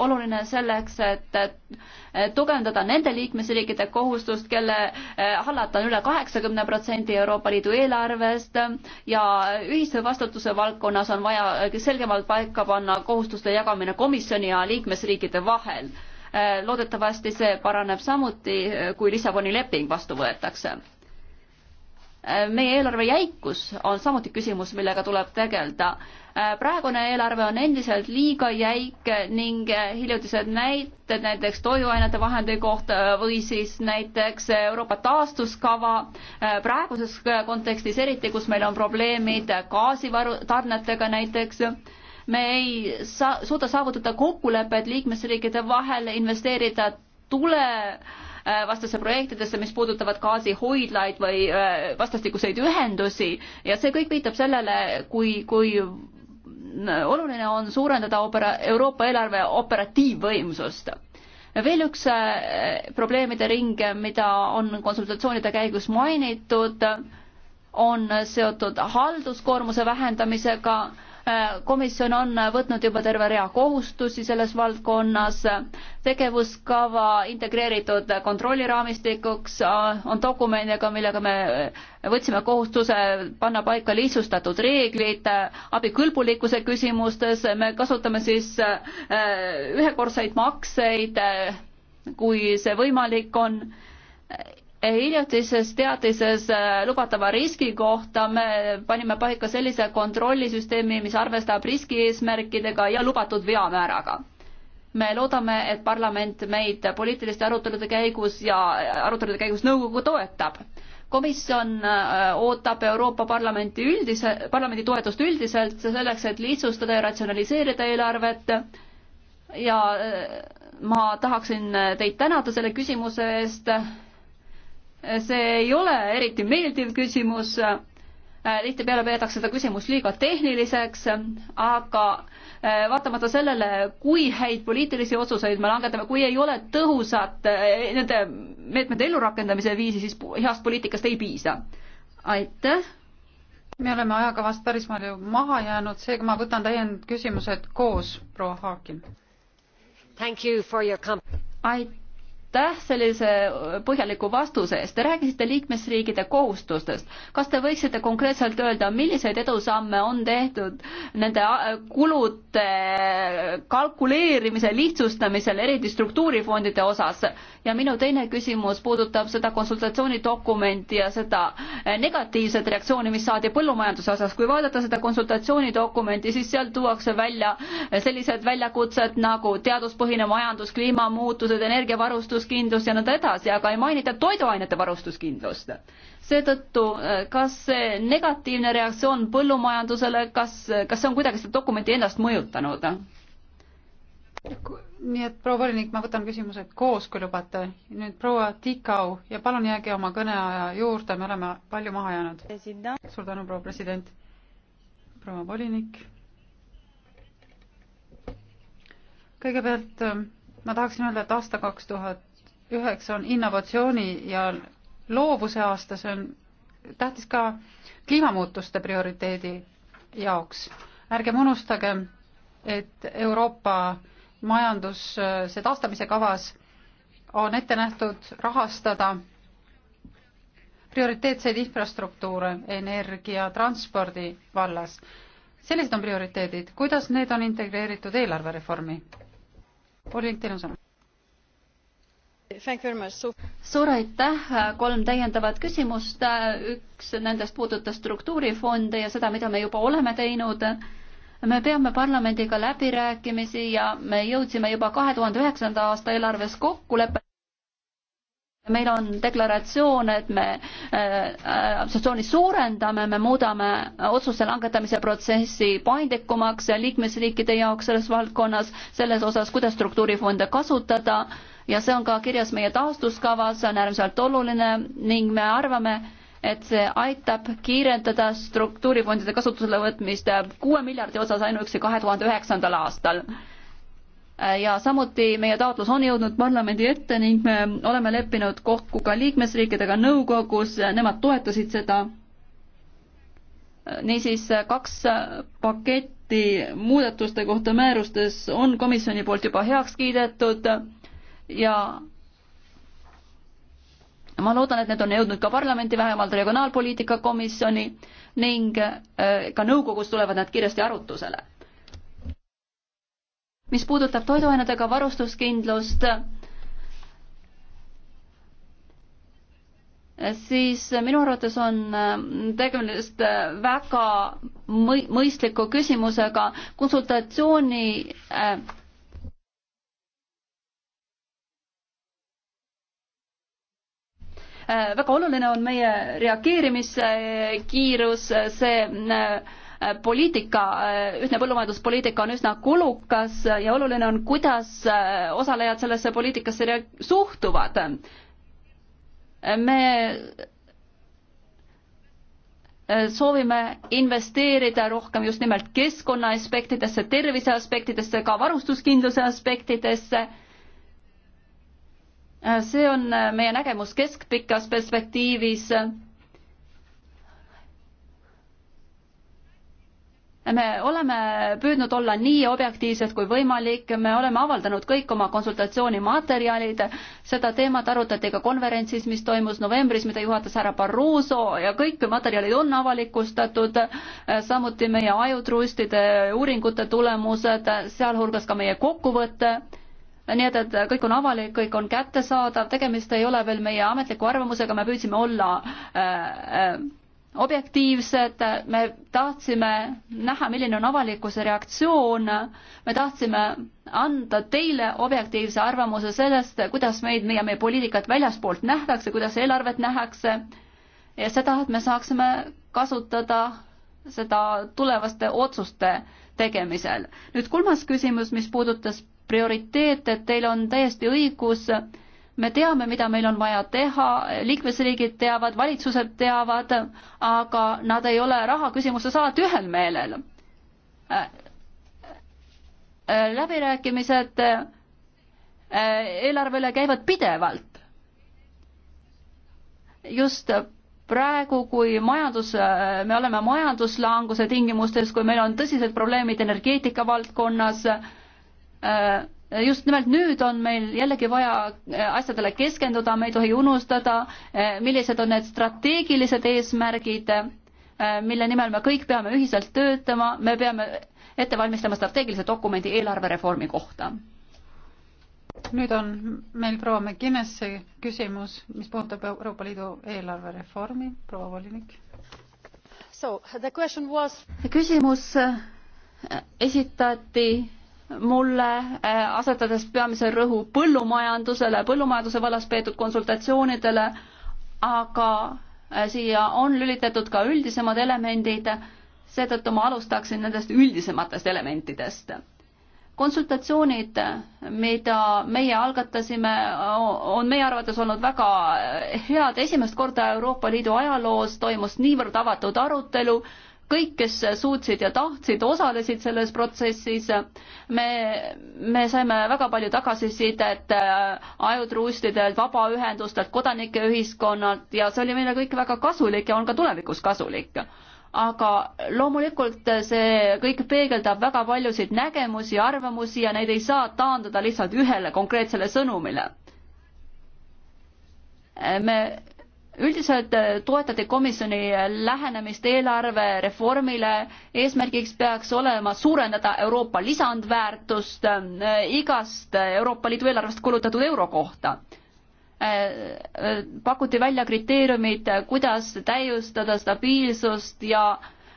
oluline selleks, et tugevdada nende liikmesriikide kohustust, kelle eh, hallata on üle kaheksakümne protsendi Euroopa Liidu eelarvest ja ühise vastutuse valdkonnas on vaja selgemalt paika panna kohustuste jagamine komisjoni ja liikmesriikide vahel. Eh, loodetavasti see paraneb samuti, eh, kui Lissaboni leping vastu võetakse meie eelarve jäikus on samuti küsimus, millega tuleb tegeleda. Äh, praegune eelarve on endiselt liiga jäik ning äh, hiljutised näited näiteks toiduainete vahendi kohta või siis näiteks Euroopa taastuskava äh, praeguses kontekstis eriti, kus meil on probleemid gaasivaru, tarnetega näiteks me ei saa, suuda saavutada kokkulepet liikmesriikide vahel investeerida tule äh, Äh, vastasse projektidesse, mis puudutavad gaasihoidlaid või äh, vastastikuseid ühendusi ja see kõik viitab sellele, kui, kui oluline on suurendada opera-, Euroopa eelarve operatiivvõimsust. veel üks äh, probleemide ring, mida on konsultatsioonide käigus mainitud, on seotud halduskoormuse vähendamisega komisjon on võtnud juba terve rea kohustusi selles valdkonnas, tegevuskava integreeritud kontrolliraamistikuks äh, on dokumendiga, millega me võtsime kohustuse panna paika lihtsustatud reeglid äh, abikõlbulikkuse küsimustes, me kasutame siis äh, ühekordseid makseid, kui see võimalik on hiljutises teatises äh, lubatava riski kohta me panime paika sellise kontrollisüsteemi, mis arvestab riskieesmärkidega ja lubatud veamääraga. me loodame, et parlament meid poliitiliste arutelude käigus ja äh, arutelude käigus nõukogu toetab komisjon äh, ootab Euroopa Parlamenti üldise, parlamendi toetust üldiselt selleks, et lihtsustada ja ratsionaliseerida eelarvet ja ma tahaksin teid tänada selle küsimuse eest see ei ole eriti meeldiv küsimus äh, tihtipeale peetakse seda küsimust liiga tehniliseks, aga äh, vaatamata sellele, kui häid poliitilisi otsuseid me langetame, kui ei ole tõhusat äh, nende meetmete ellurakendamise viisi, siis heast poliitikast ei piisa. aitäh! me oleme ajakavast päris palju maha jäänud, seega ma võtan täiendküsimused koos, proua Haakin. aitäh! aitäh sellise põhjaliku vastuse eest. Te rääkisite liikmesriigide kohustustest. kas te võiksite konkreetselt öelda, milliseid edusamme on tehtud nende äh, kulude kalkuleerimise lihtsustamisel, eriti struktuurifondide osas? ja minu teine küsimus puudutab seda konsultatsioonidokumenti ja seda eh, negatiivset reaktsiooni, mis saadi põllumajanduse osas. kui vaadata seda konsultatsioonidokumenti, siis seal tuuakse välja eh, sellised väljakutsed nagu teaduspõhine majandus, kliimamuutused, energiavarustuskindlus ja nõnda edasi, aga ei mainita toiduainete varustuskindlust seetõttu, eh, kas see negatiivne reaktsioon põllumajandusele, kas, kas see on kuidagi seda dokumenti ennast mõjutanud? nii et proua volinik, ma võtan küsimused koos, kui lubate. nüüd proua Tikau ja palun jääge oma kõneaja juurde, me oleme palju maha jäänud. suur tänu, proua president. proua volinik. kõigepealt ähm, ma tahaksin öelda, et aasta kaks tuhat üheksa on innovatsiooni ja loovuse aasta, see on tähtis ka kliimamuutuste prioriteedi jaoks. ärgem unustagem, et Euroopa majanduse taastamise kavas on ette nähtud rahastada prioriteetseid infrastruktuure energia, transpordi vallas. sellised on prioriteedid, kuidas need on integreeritud eelarvereformi? Olling, teil on sõna. suur aitäh, kolm täiendavat küsimust, üks nendest puudutas struktuurifonde ja seda, mida me juba oleme teinud me peame parlamendiga läbirääkimisi ja me jõudsime juba kahe tuhande üheksanda aasta eelarves kokkuleppele meil on deklaratsioon, et me absorptsiooni äh, suurendame, me muudame otsuse langetamise protsessi paindlikumaks ja liikmesriikide jaoks selles valdkonnas, selles osas, kuidas struktuurifonde kasutada ja see on ka kirjas meie taastuskavas, see on äärmiselt oluline ning me arvame, et see aitab kiirendada struktuurifondide kasutusele võtmist kuue miljardi osas ainuüksi kahe tuhande üheksandal aastal. ja samuti meie taotlus on jõudnud parlamendi ette ning me oleme leppinud kokku ka liikmesriikidega nõukogus, nemad toetasid seda. niisiis kaks paketti muudatuste kohta määrustes on komisjoni poolt juba heaks kiidetud ja ma loodan, et need on jõudnud ka parlamenti, vähemalt Regionaalpoliitika Komisjoni ning äh, ka nõukogus tulevad nad kiiresti arutusele. mis puudutab toiduainetega varustuskindlust, siis minu arvates on äh, tegemist äh, väga mõistliku küsimusega konsultatsiooni äh, Äh, väga oluline on meie reageerimiskiirus, see äh, poliitika, äh, ühtne põllumajanduspoliitika on üsna kulukas ja oluline on, kuidas osalejad sellesse poliitikasse suhtuvad. me soovime investeerida rohkem just nimelt keskkonna aspektidesse, tervise aspektidesse, ka varustuskindluse aspektidesse see on meie nägemus keskpikas perspektiivis. me oleme püüdnud olla nii objektiivsed kui võimalik, me oleme avaldanud kõik oma konsultatsioonimaterjalid, seda teemat arutati ka konverentsis, mis toimus novembris, mida juhatas härra Barroso ja kõik materjalid on avalikustatud, samuti meie ajutrustide uuringute tulemused, sealhulgas ka meie kokkuvõte nii et, et kõik on avalik, kõik on kättesaadav, tegemist ei ole veel meie ametliku arvamusega, me püüdsime olla äh, äh, objektiivsed, me tahtsime näha, milline on avalikkuse reaktsioon, me tahtsime anda teile objektiivse arvamuse sellest, kuidas meid, meie, meie poliitikat väljaspoolt nähtakse, kuidas eelarvet nähakse ja seda, et me saaksime kasutada seda tulevaste otsuste tegemisel. nüüd kolmas küsimus, mis puudutas prioriteet, et teil on täiesti õigus, me teame, mida meil on vaja teha, liikmesriigid teavad, valitsused teavad, aga nad ei ole raha küsimuses alati ühel meelel. läbirääkimised eh, eelarvele käivad pidevalt. just praegu, kui majandus, eh, me oleme majanduslanguse tingimustes, kui meil on tõsised probleemid energeetika valdkonnas äh,, Äh, just nimelt nüüd on meil jällegi vaja äh, asjadele keskenduda, me ei tohi unustada, äh, millised on need strateegilised eesmärgid, mille nimel me kõik peame ühiselt töötama, me peame ette valmistama strateegilise dokumendi eelarvereformi kohta. nüüd on meil proua McGuinnesse küsimus, mis puudutab Euroopa Liidu eelarvereformi, proua volinik. Was... küsimus esitati mulle, äh, asetades peamise rõhu põllumajandusele, põllumajanduse vallas peetud konsultatsioonidele, aga äh, siia on lülitatud ka üldisemad elemendid, seetõttu ma alustaksin nendest üldisematest elementidest. konsultatsioonid, mida meie algatasime, on meie arvates olnud väga äh, head, esimest korda Euroopa Liidu ajaloos toimus niivõrd avatud arutelu, kõik, kes suutsid ja tahtsid, osalesid selles protsessis. me, me saime väga palju tagasisidet äh, ajutruustidelt, vabaühendustelt, kodanikeühiskonnalt ja see oli meile kõik väga kasulik ja on ka tulevikus kasulik aga loomulikult see kõik peegeldab väga paljusid nägemusi, arvamusi ja neid ei saa taandada lihtsalt ühele konkreetsele sõnumile. me üldiselt äh, toetati komisjoni lähenemist eelarvereformile, eesmärgiks peaks olema suurendada Euroopa lisandväärtust äh, igast Euroopa Liidu eelarvest kulutatud euro kohta. Äh, pakuti välja kriteeriumid, kuidas täiustada stabiilsust ja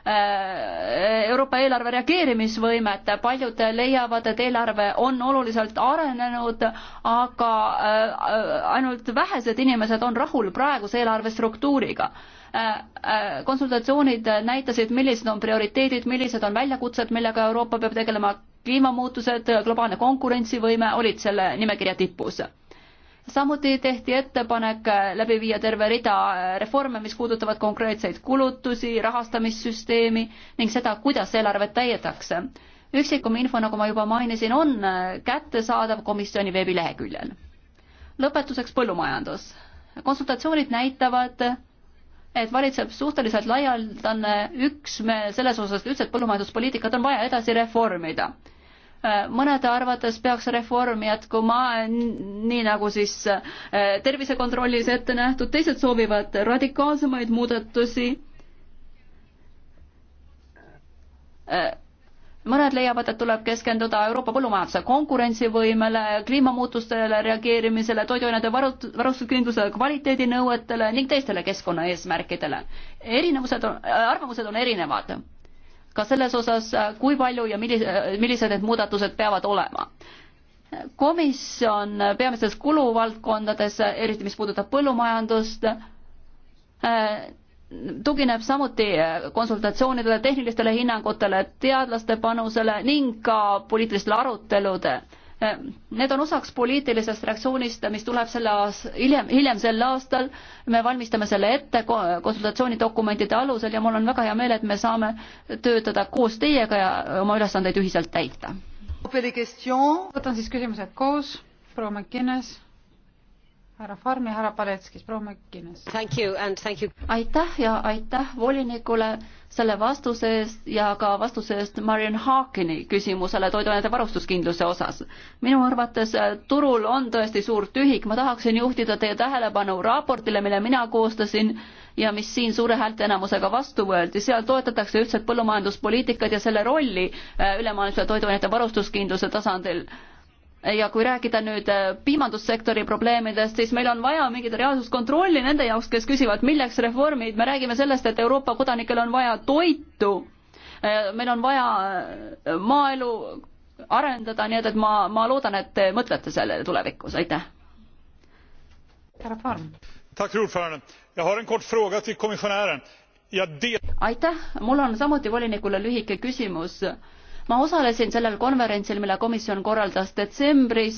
Äh, Euroopa eelarve reageerimisvõimet, paljud leiavad, et eelarve on oluliselt arenenud, aga äh, ainult vähesed inimesed on rahul praeguse eelarve struktuuriga. Äh, konsultatsioonid näitasid, millised on prioriteedid, millised on väljakutsed, millega Euroopa peab tegelema, kliimamuutused, globaalne konkurentsivõime olid selle nimekirja tipus samuti tehti ettepanek läbi viia terve rida reforme, mis puudutavad konkreetseid kulutusi, rahastamissüsteemi ning seda, kuidas eelarvet täidetakse. üksikum info, nagu ma juba mainisin, on kättesaadav komisjoni veebileheküljel. lõpetuseks põllumajandus. konsultatsioonid näitavad, et valitseb suhteliselt laialdane üksmeel selles osas, et üldse põllumajanduspoliitikat on vaja edasi reformida mõnede arvates peaks reform jätkuma nii nagu siis äh, tervisekontrollis ette nähtud, teised soovivad radikaalsemaid muudatusi. Äh, mõned leiavad, et tuleb keskenduda Euroopa põllumajanduse konkurentsivõimele, kliimamuutustele reageerimisele, toiduainete varut-, varustuskindluse kvaliteedinõuetele ning teistele keskkonnaeesmärkidele. erinevused on, äh, arvamused on erinevad ka selles osas, äh, kui palju ja millise, äh, millised need muudatused peavad olema. komisjon peamistes kuluvaldkondades, eriti mis puudutab põllumajandust, äh, tugineb samuti konsultatsioonidele, tehnilistele hinnangutele, teadlaste panusele ning ka poliitilistele aruteludele Need on osaks poliitilisest reaktsioonist, mis tuleb selle aas-, hiljem, hiljem sel aastal. me valmistame selle ette konsultatsioonidokumentide alusel ja mul on väga hea meel, et me saame töötada koos teiega ja oma ülesandeid ühiselt täita. võtan siis küsimused koos, proua McGuinness härra Farmi, härra Paletskis, proua Mäkkinas. aitäh ja aitäh volinikule selle vastuse eest ja ka vastuse eest Marian Haakini küsimusele toiduainete varustuskindluse osas. minu arvates äh, turul on tõesti suur tühik, ma tahaksin juhtida teie tähelepanu raportile, mille mina koostasin ja mis siin suure häälteenamusega vastu võeti, seal toetatakse ühtset põllumajanduspoliitikat ja selle rolli äh, ülemaailmse toiduainete varustuskindluse tasandil ja kui rääkida nüüd äh, piimandussektori probleemidest, siis meil on vaja mingit reaalsuskontrolli nende jaoks, kes küsivad, milleks reformid, me räägime sellest, et Euroopa kodanikel on vaja toitu, äh, meil on vaja äh, maaelu arendada, nii et, et ma, ma loodan, et te mõtlete sellele tulevikus, aitäh. härra Farm. aitäh, mul on samuti volinikule lühike küsimus ma osalesin sellel konverentsil, mille komisjon korraldas detsembris,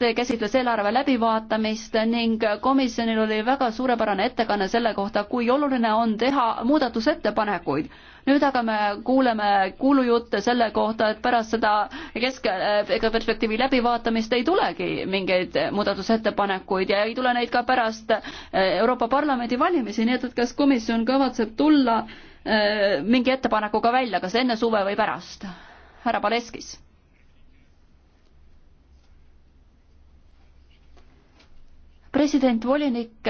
see käsitles eelarve läbivaatamist ning komisjonil oli väga suurepärane ettekanne selle kohta, kui oluline on teha muudatusettepanekuid nüüd aga me kuuleme kuulujutte selle kohta, et pärast seda kesk- perspektiivi läbivaatamist ei tulegi mingeid muudatusettepanekuid ja ei tule neid ka pärast Euroopa Parlamendi valimisi, nii et, et kas komisjon kavatseb tulla Äh, mingi ettepanekuga välja, kas enne suve või pärast. härra Paleskis. president, volinik,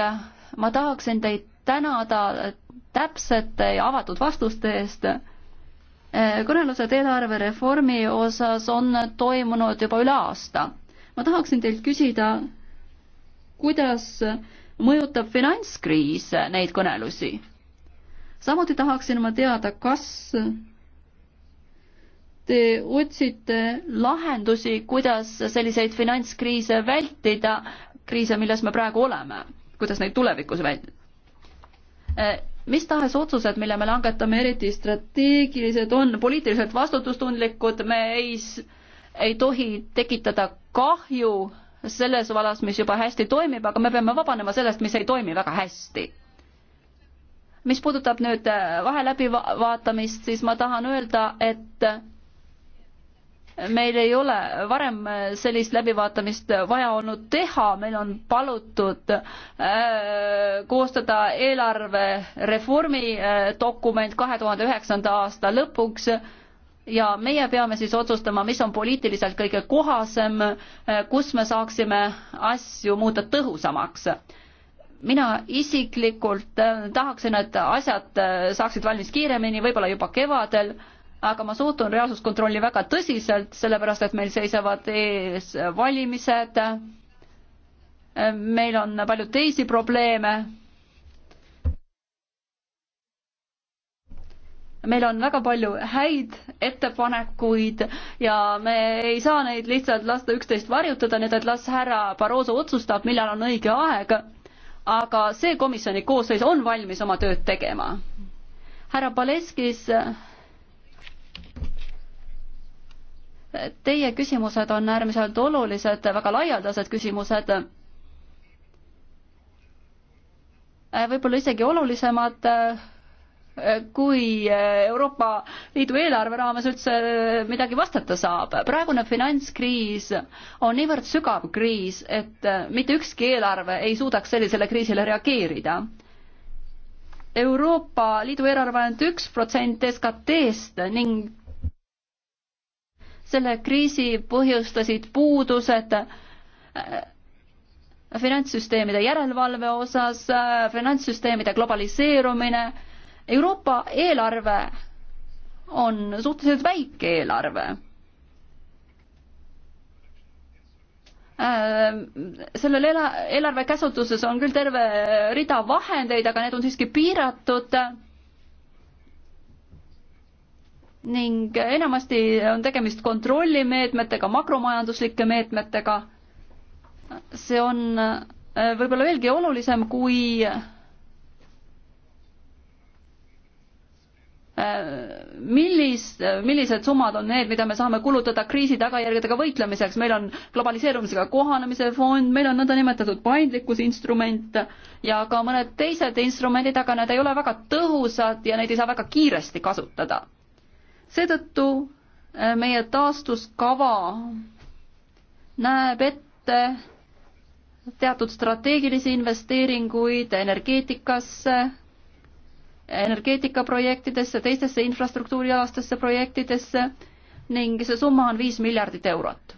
ma tahaksin teid tänada täpsete ja avatud vastuste eest äh, kõnelused eelarvereformi osas on toimunud juba üle aasta. ma tahaksin teilt küsida, kuidas mõjutab finantskriis neid kõnelusi? samuti tahaksin ma teada, kas te otsite lahendusi, kuidas selliseid finantskriise vältida, kriise, milles me praegu oleme, kuidas neid tulevikus vältida? Eh, mis tahes otsused, mille me langetame, eriti strateegilised, on poliitiliselt vastutustundlikud, me ei, ei tohi tekitada kahju selles vallas, mis juba hästi toimib, aga me peame vabanema sellest, mis ei toimi väga hästi mis puudutab nüüd äh, vahe läbivaatamist, siis ma tahan öelda, et äh, meil ei ole varem äh, sellist läbivaatamist vaja olnud teha, meil on palutud koostada eelarvereformi dokument kahe tuhande üheksanda aasta lõpuks ja meie peame siis otsustama, mis on poliitiliselt kõige kohasem, kus me saaksime asju muuta tõhusamaks mina isiklikult äh, tahaksin, et asjad äh, saaksid valmis kiiremini, võib-olla juba kevadel, aga ma suhtun reaalsuskontrolli väga tõsiselt, sellepärast et meil seisavad ees valimised, äh, meil on palju teisi probleeme, meil on väga palju häid ettepanekuid ja me ei saa neid lihtsalt lasta üksteist varjutada, nii et las härra Barroso otsustab, millal on õige aeg aga see komisjoni koosseis on valmis oma tööd tegema. härra Paleskis, teie küsimused on äärmiselt olulised, väga laialdased küsimused võib-olla isegi olulisemad kui eh, Euroopa Liidu eelarve raames üldse eh, midagi vastata saab. praegune finantskriis on niivõrd sügav kriis, et eh, mitte ükski eelarve ei suudaks sellisele kriisile reageerida. Euroopa Liidu eelarve on ainult üks protsent SKT-st ning selle kriisi põhjustasid puudused finantssüsteemide järelevalve osas, finantssüsteemide globaliseerumine Euroopa eelarve on suhteliselt väike eelarve äh, sellel ela-, eelarve käsutuses on küll terve rida vahendeid, aga need on siiski piiratud. ning enamasti on tegemist kontrollimeetmetega, makromajanduslike meetmetega. see on äh, võib-olla veelgi olulisem kui millist, millised summad on need, mida me saame kulutada kriisi tagajärgedega võitlemiseks, meil on globaliseerumisega kohanemise fond, meil on nõndanimetatud paindlikkusinstrument ja ka mõned teised instrumendid, aga need ei ole väga tõhusad ja neid ei saa väga kiiresti kasutada. seetõttu eh, meie taastuskava näeb ette teatud strateegilisi investeeringuid energeetikasse, energeetikaprojektidesse, teistesse infrastruktuurialastesse projektidesse ning see summa on viis miljardit eurot.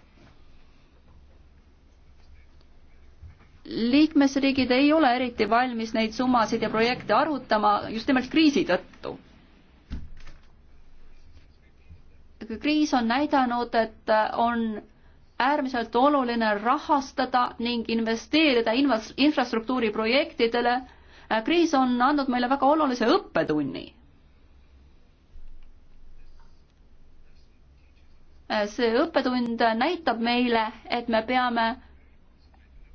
liikmesriigid ei ole eriti valmis neid summasid ja projekte arutama just nimelt kriisi tõttu. kriis on näidanud, et on äärmiselt oluline rahastada ning investeerida infrastruktuuriprojektidele Äh, kriis on andnud meile väga olulise õppetunni. Äh, see õppetund näitab meile, et me peame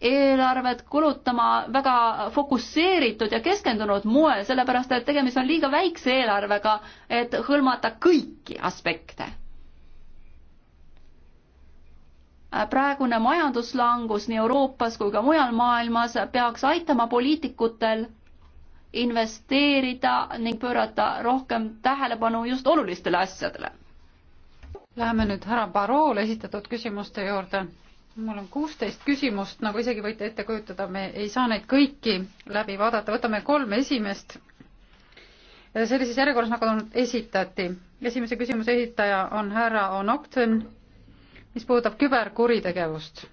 eelarvet kulutama väga fokusseeritud ja keskendunud moel, sellepärast et tegemist on liiga väikse eelarvega, et hõlmata kõiki aspekte äh, praegune majanduslangus nii Euroopas kui ka mujal maailmas peaks aitama poliitikutel investeerida ning pöörata rohkem tähelepanu just olulistele asjadele. Läheme nüüd härra Barool esitatud küsimuste juurde. mul on kuusteist küsimust, nagu isegi võite ette kujutada, me ei saa neid kõiki läbi vaadata, võtame kolm esimest. sellises järjekorras, nagu nad esitati. esimese küsimuse esitaja on härra Onokten, mis puudutab küberkuritegevust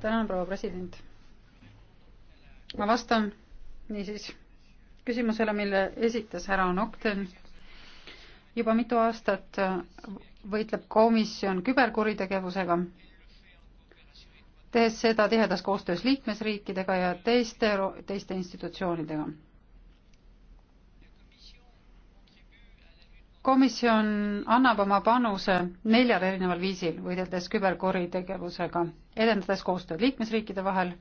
tänan, proua president. ma vastan niisiis küsimusele, mille esitas härra Nokten. juba mitu aastat võitleb komisjon küberkuritegevusega, tehes seda tihedas koostöös liikmesriikidega ja teiste, teiste institutsioonidega komisjon annab oma panuse neljal erineval viisil, võideldes küberkuritegevusega, edendades koostööd liikmesriikide vahel,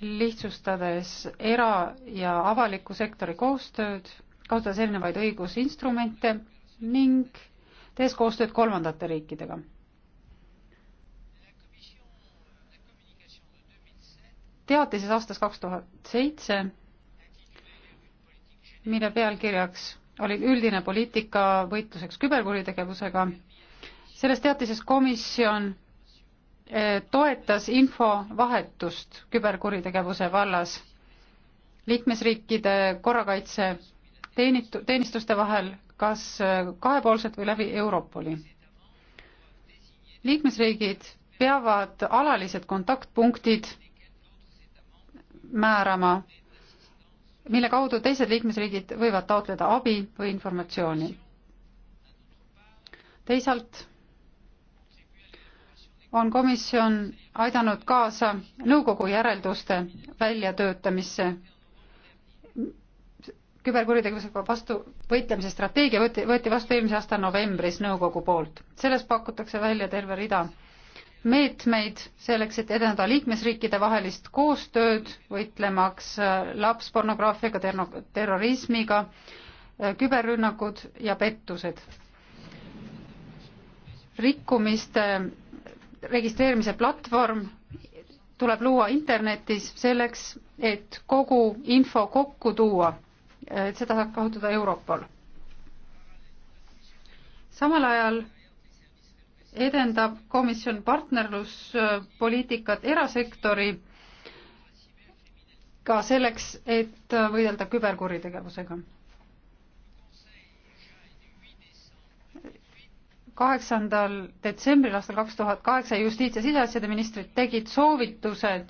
lihtsustades era- ja avaliku sektori koostööd, kasutades erinevaid õigusinstrumente ning tehes koostööd kolmandate riikidega. teatises aastast kaks tuhat seitse, mille pealkirjaks oli üldine poliitika võitluseks küberkuritegevusega. selles teatises komisjon eh, toetas infovahetust küberkuritegevuse vallas liikmesriikide korrakaitse teenitu-, teenistuste vahel kas eh, kahepoolselt või läbi Europoli. liikmesriigid peavad alalised kontaktpunktid määrama mille kaudu teised liikmesriigid võivad taotleda abi või informatsiooni. teisalt on komisjon aidanud kaasa nõukogu järelduste väljatöötamisse küberkuritegevusega vastu võitlemise strateegia võeti, võeti vastu eelmise aasta novembris nõukogu poolt. selles pakutakse välja terve rida meetmeid selleks, et edendada liikmesriikide vahelist koostööd, võitlemaks äh, lapspornograafiaga, terrorismiga, äh, küberrünnakud ja pettused. rikkumiste registreerimise platvorm tuleb luua internetis selleks, et kogu info kokku tuua, äh, et seda saab kasutada Europol. samal ajal edendab komisjon partnerluspoliitikat erasektori ka selleks, et võidelda küberkuritegevusega. kaheksandal detsembril aastal kaks tuhat kaheksa justiits- ja siseasjade ministrid tegid soovitused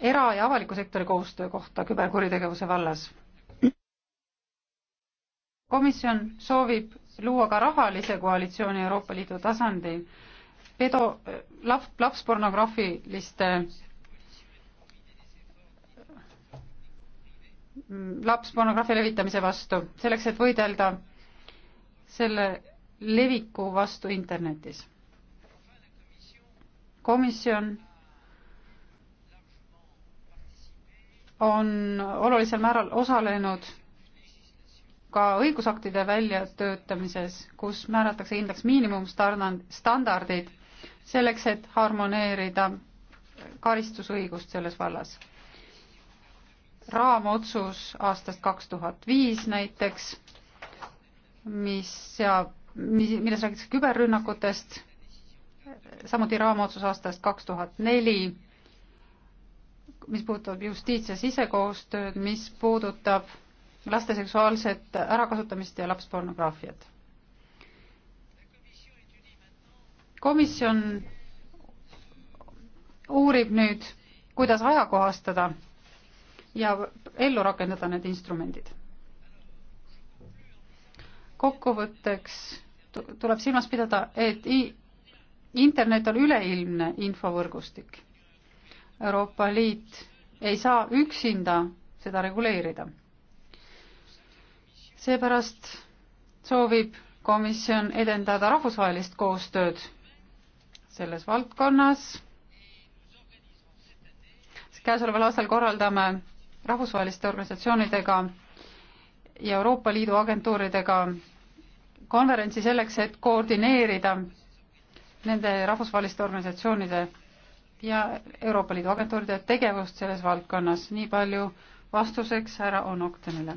era- ja avaliku sektori koostöö kohta küberkuritegevuse vallas komisjon soovib luua ka rahalise koalitsiooni Euroopa Liidu tasandil pedo, laps, lapspornograafiliste mm, lapspornograafia levitamise vastu, selleks, et võidelda selle leviku vastu internetis. komisjon on olulisel määral osalenud ka õigusaktide väljatöötamises, kus määratakse kindlaks miinimumstandardid selleks, et harmoneerida karistusõigust selles vallas. raamotsus aastast kaks tuhat viis näiteks, mis seab, mis, milles räägitakse küberrünnakutest, samuti raamotsus aastast kaks tuhat neli, mis puudutab justiits- ja sisekoostööd, mis puudutab laste seksuaalset ärakasutamist ja lapspornograafiat. komisjon uurib nüüd, kuidas ajakohastada ja ellu rakendada need instrumendid. kokkuvõtteks tuleb silmas pidada, et internet on üleilmne infovõrgustik. Euroopa Liit ei saa üksinda seda reguleerida seepärast soovib komisjon edendada rahvusvahelist koostööd selles valdkonnas. käesoleval aastal korraldame rahvusvaheliste organisatsioonidega ja Euroopa Liidu agentuuridega konverentsi selleks, et koordineerida nende rahvusvaheliste organisatsioonide ja Euroopa Liidu agentuuride tegevust selles valdkonnas. nii palju vastuseks härra Onoktenile.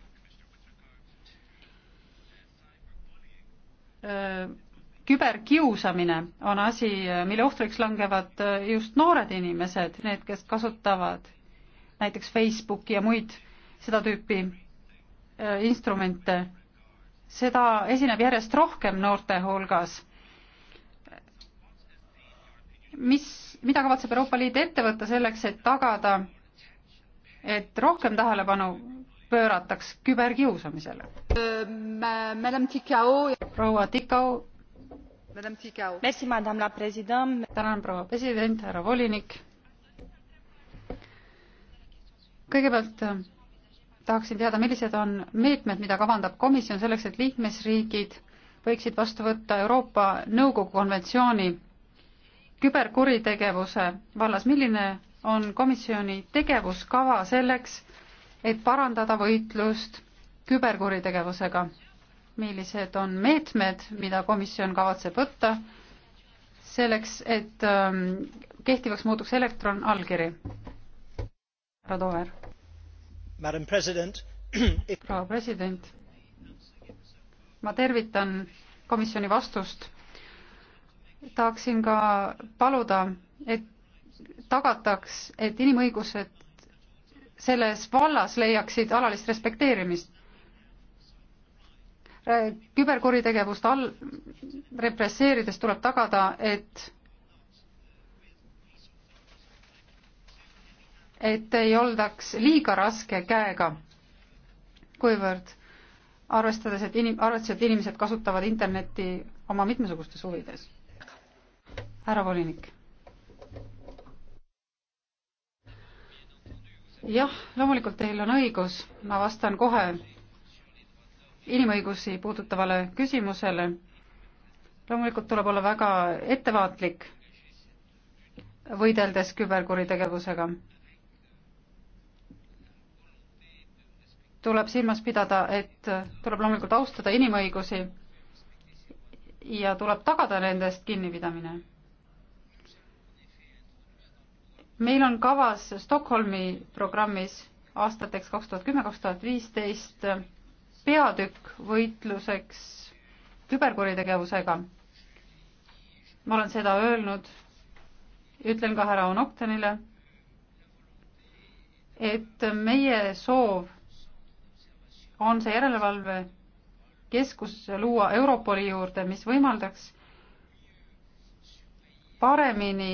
Äh, küberkiusamine on asi, äh, mille ohvriks langevad äh, just noored inimesed, need, kes kasutavad näiteks Facebooki ja muid seda tüüpi instrumente. seda esineb järjest rohkem noorte hulgas. mis, mida kavatseb Euroopa Liit ette võtta selleks, et tagada, et rohkem tähelepanu pöörataks küberkiusamisele. proua Tikau. tänan, proua president, härra volinik. kõigepealt äh, tahaksin teada, millised on meetmed, mida kavandab komisjon selleks, et liikmesriigid võiksid vastu võtta Euroopa Nõukogu konventsiooni küberkuritegevuse vallas, milline on komisjoni tegevuskava selleks, et parandada võitlust küberkuritegevusega. millised on meetmed, mida komisjon kavatseb võtta selleks, et ähm, kehtivaks muutuks elektronallkiri? härra Toover. (clears throat) proua president, ma tervitan komisjoni vastust. tahaksin ka paluda, et tagataks, et inimõigused selles vallas leiaksid alalist respekteerimist. küberkuritegevust all represseerides tuleb tagada, et et ei oldaks liiga raske käega, kuivõrd arvestades, et inim-, arvestades, et inimesed kasutavad Internetti oma mitmesugustes huvides. härra volinik jah, loomulikult teil on õigus, ma vastan kohe inimõigusi puudutavale küsimusele. loomulikult tuleb olla väga ettevaatlik, võideldes küberkuritegevusega. tuleb silmas pidada, et tuleb loomulikult austada inimõigusi ja tuleb tagada nendest kinnipidamine meil on kavas Stockholmi programmis aastateks kaks tuhat kümme, kaks tuhat viisteist peatükk võitluseks küberkuritegevusega. ma olen seda öelnud, ütlen ka härra Onoktenile, et meie soov on see järelevalvekeskus luua Europoli juurde, mis võimaldaks paremini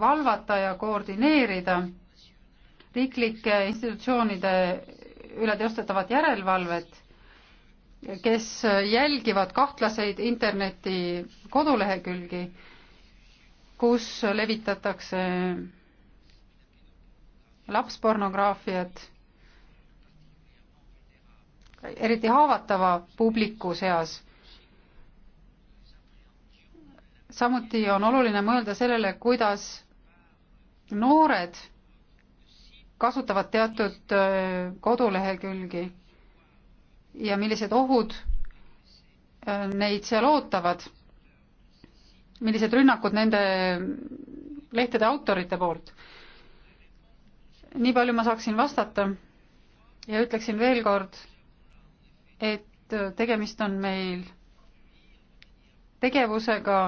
valvata ja koordineerida riiklike institutsioonide üle teostatavat järelevalvet, kes jälgivad kahtlaseid interneti kodulehekülgi, kus levitatakse lapspornograafiat, eriti haavatava publiku seas samuti on oluline mõelda sellele, kuidas noored kasutavad teatud äh, kodulehekülgi ja millised ohud äh, neid seal ootavad, millised rünnakud nende lehtede autorite poolt. nii palju ma saaksin vastata ja ütleksin veel kord, et äh, tegemist on meil tegevusega,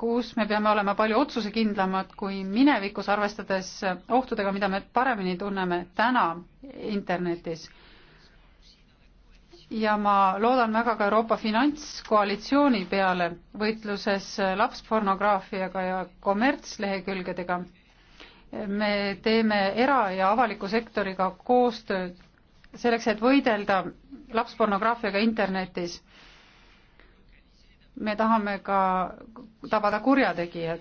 kus me peame olema palju otsusekindlamad kui minevikus, arvestades ohtudega, mida me paremini tunneme täna internetis. ja ma loodan väga ka Euroopa finantskoalitsiooni peale võitluses lapspornograafiaga ja kommertslehekülgedega. me teeme era- ja avaliku sektoriga koostööd selleks, et võidelda lapspornograafiaga internetis me tahame ka tabada kurjategijad.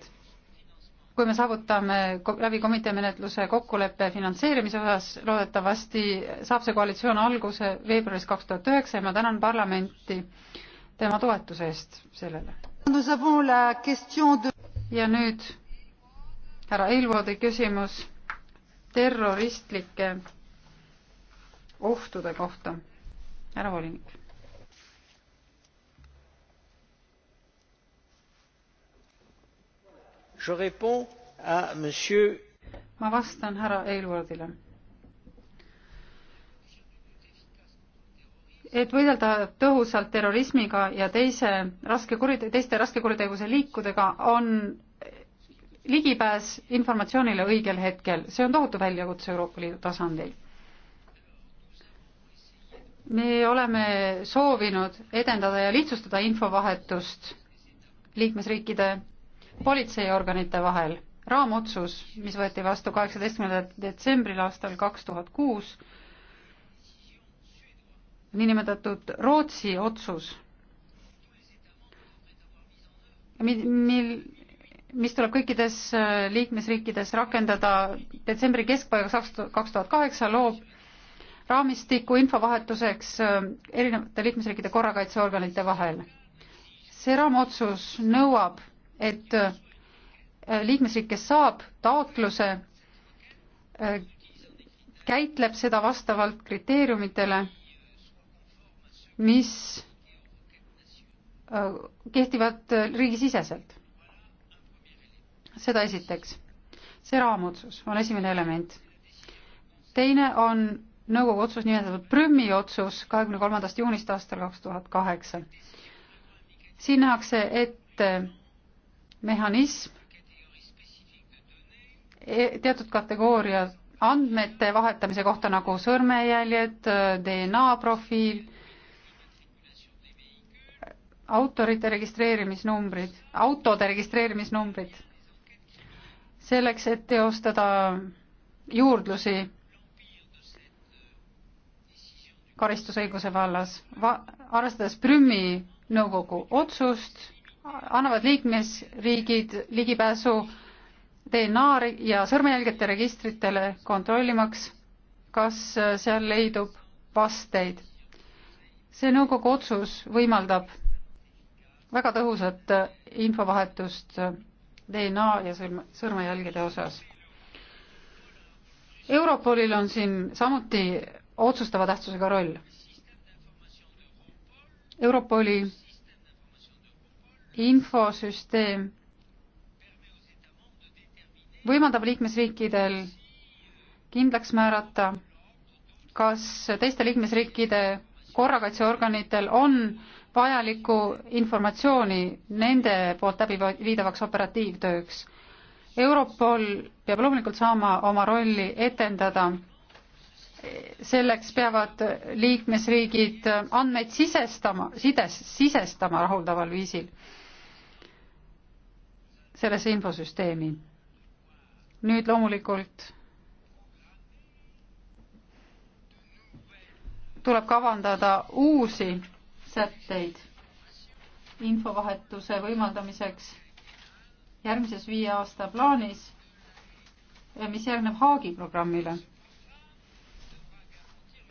kui me saavutame läbi komitee menetluse kokkuleppe finantseerimise osas, loodetavasti saab see koalitsioon alguse veebruaris kaks tuhat üheksa ja ma tänan parlamenti tema toetuse eest sellele. ja nüüd härra Eilvoodi küsimus terroristlike ohtude kohta. härra volinik ma vastan härra Aylwardile. et võidelda tõhusalt terrorismiga ja teise raske kurite-, teiste raske kuritegevuse liikudega, on ligipääs informatsioonile õigel hetkel, see on tohutu väljakutse Euroopa Liidu tasandil. me oleme soovinud edendada ja lihtsustada infovahetust liikmesriikide politseiorganite vahel. raamotsus, mis võeti vastu kaheksateistkümnendal detsembril aastal kaks tuhat kuus, niinimetatud Rootsi otsus, mil, mis tuleb kõikides äh, liikmesriikides rakendada detsembri keskpaigaks kaks tuhat kaheksa, loob raamistiku infovahetuseks äh, erinevate liikmesriikide korrakaitseorganite vahel. see raamotsus nõuab et äh, liikmesriik, kes saab taotluse, äh, käitleb seda vastavalt kriteeriumitele, mis äh, kehtivad riigisiseselt. seda esiteks. see raamotsus on esimene element. teine on nõukogu otsus, nimetatud Prümi otsus kahekümne kolmandast juunist aastal kaks tuhat kaheksa. siin nähakse ette mehhanism e, teatud kategooria andmete vahetamise kohta nagu sõrmejäljed, DNA profiil, autorite registreerimisnumbrid, autode registreerimisnumbrid, selleks, et teostada juurdlusi karistusõiguse vallas Va, arvestades Prümi nõukogu otsust annavad liikmesriigid ligipääsu DNA ja sõrmejälgede registritele kontrollimaks, kas seal leidub vasteid. see nõukogu otsus võimaldab väga tõhusat infovahetust DNA ja sõrmejälgede osas. Europolil on siin samuti otsustava tähtsusega roll. Europoli infosüsteem võimaldab liikmesriikidel kindlaks määrata, kas teiste liikmesriikide korrakaitseorganitel on vajalikku informatsiooni nende poolt läbi viidavaks operatiivtööks. Europol peab loomulikult saama oma rolli etendada. selleks peavad liikmesriigid andmeid sisestama, sides, sisestama rahuldaval viisil sellesse infosüsteemi. nüüd loomulikult tuleb kavandada uusi sätteid infovahetuse võimaldamiseks järgmises viie aasta plaanis, mis järgneb Haagi programmile.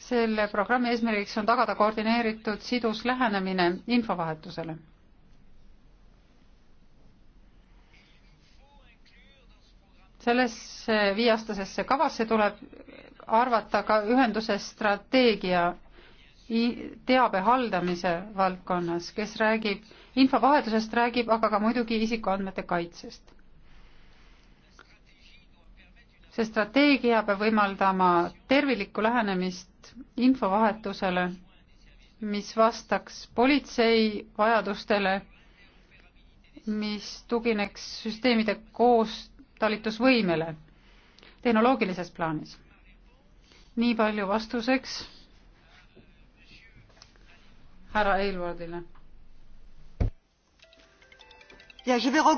selle programmi eesmärgiks on tagada koordineeritud sidus lähenemine infovahetusele sellesse viieaastasesse kavasse tuleb arvata ka ühenduse strateegia teabe haldamise valdkonnas, kes räägib, infovahetusest räägib, aga ka muidugi isikuandmete kaitsest. see strateegia peab võimaldama tervilikku lähenemist infovahetusele, mis vastaks politsei vajadustele, mis tugineks süsteemide koostööle, talitusvõimele tehnoloogilises plaanis. nii palju vastuseks härra Eilvardile. Euh,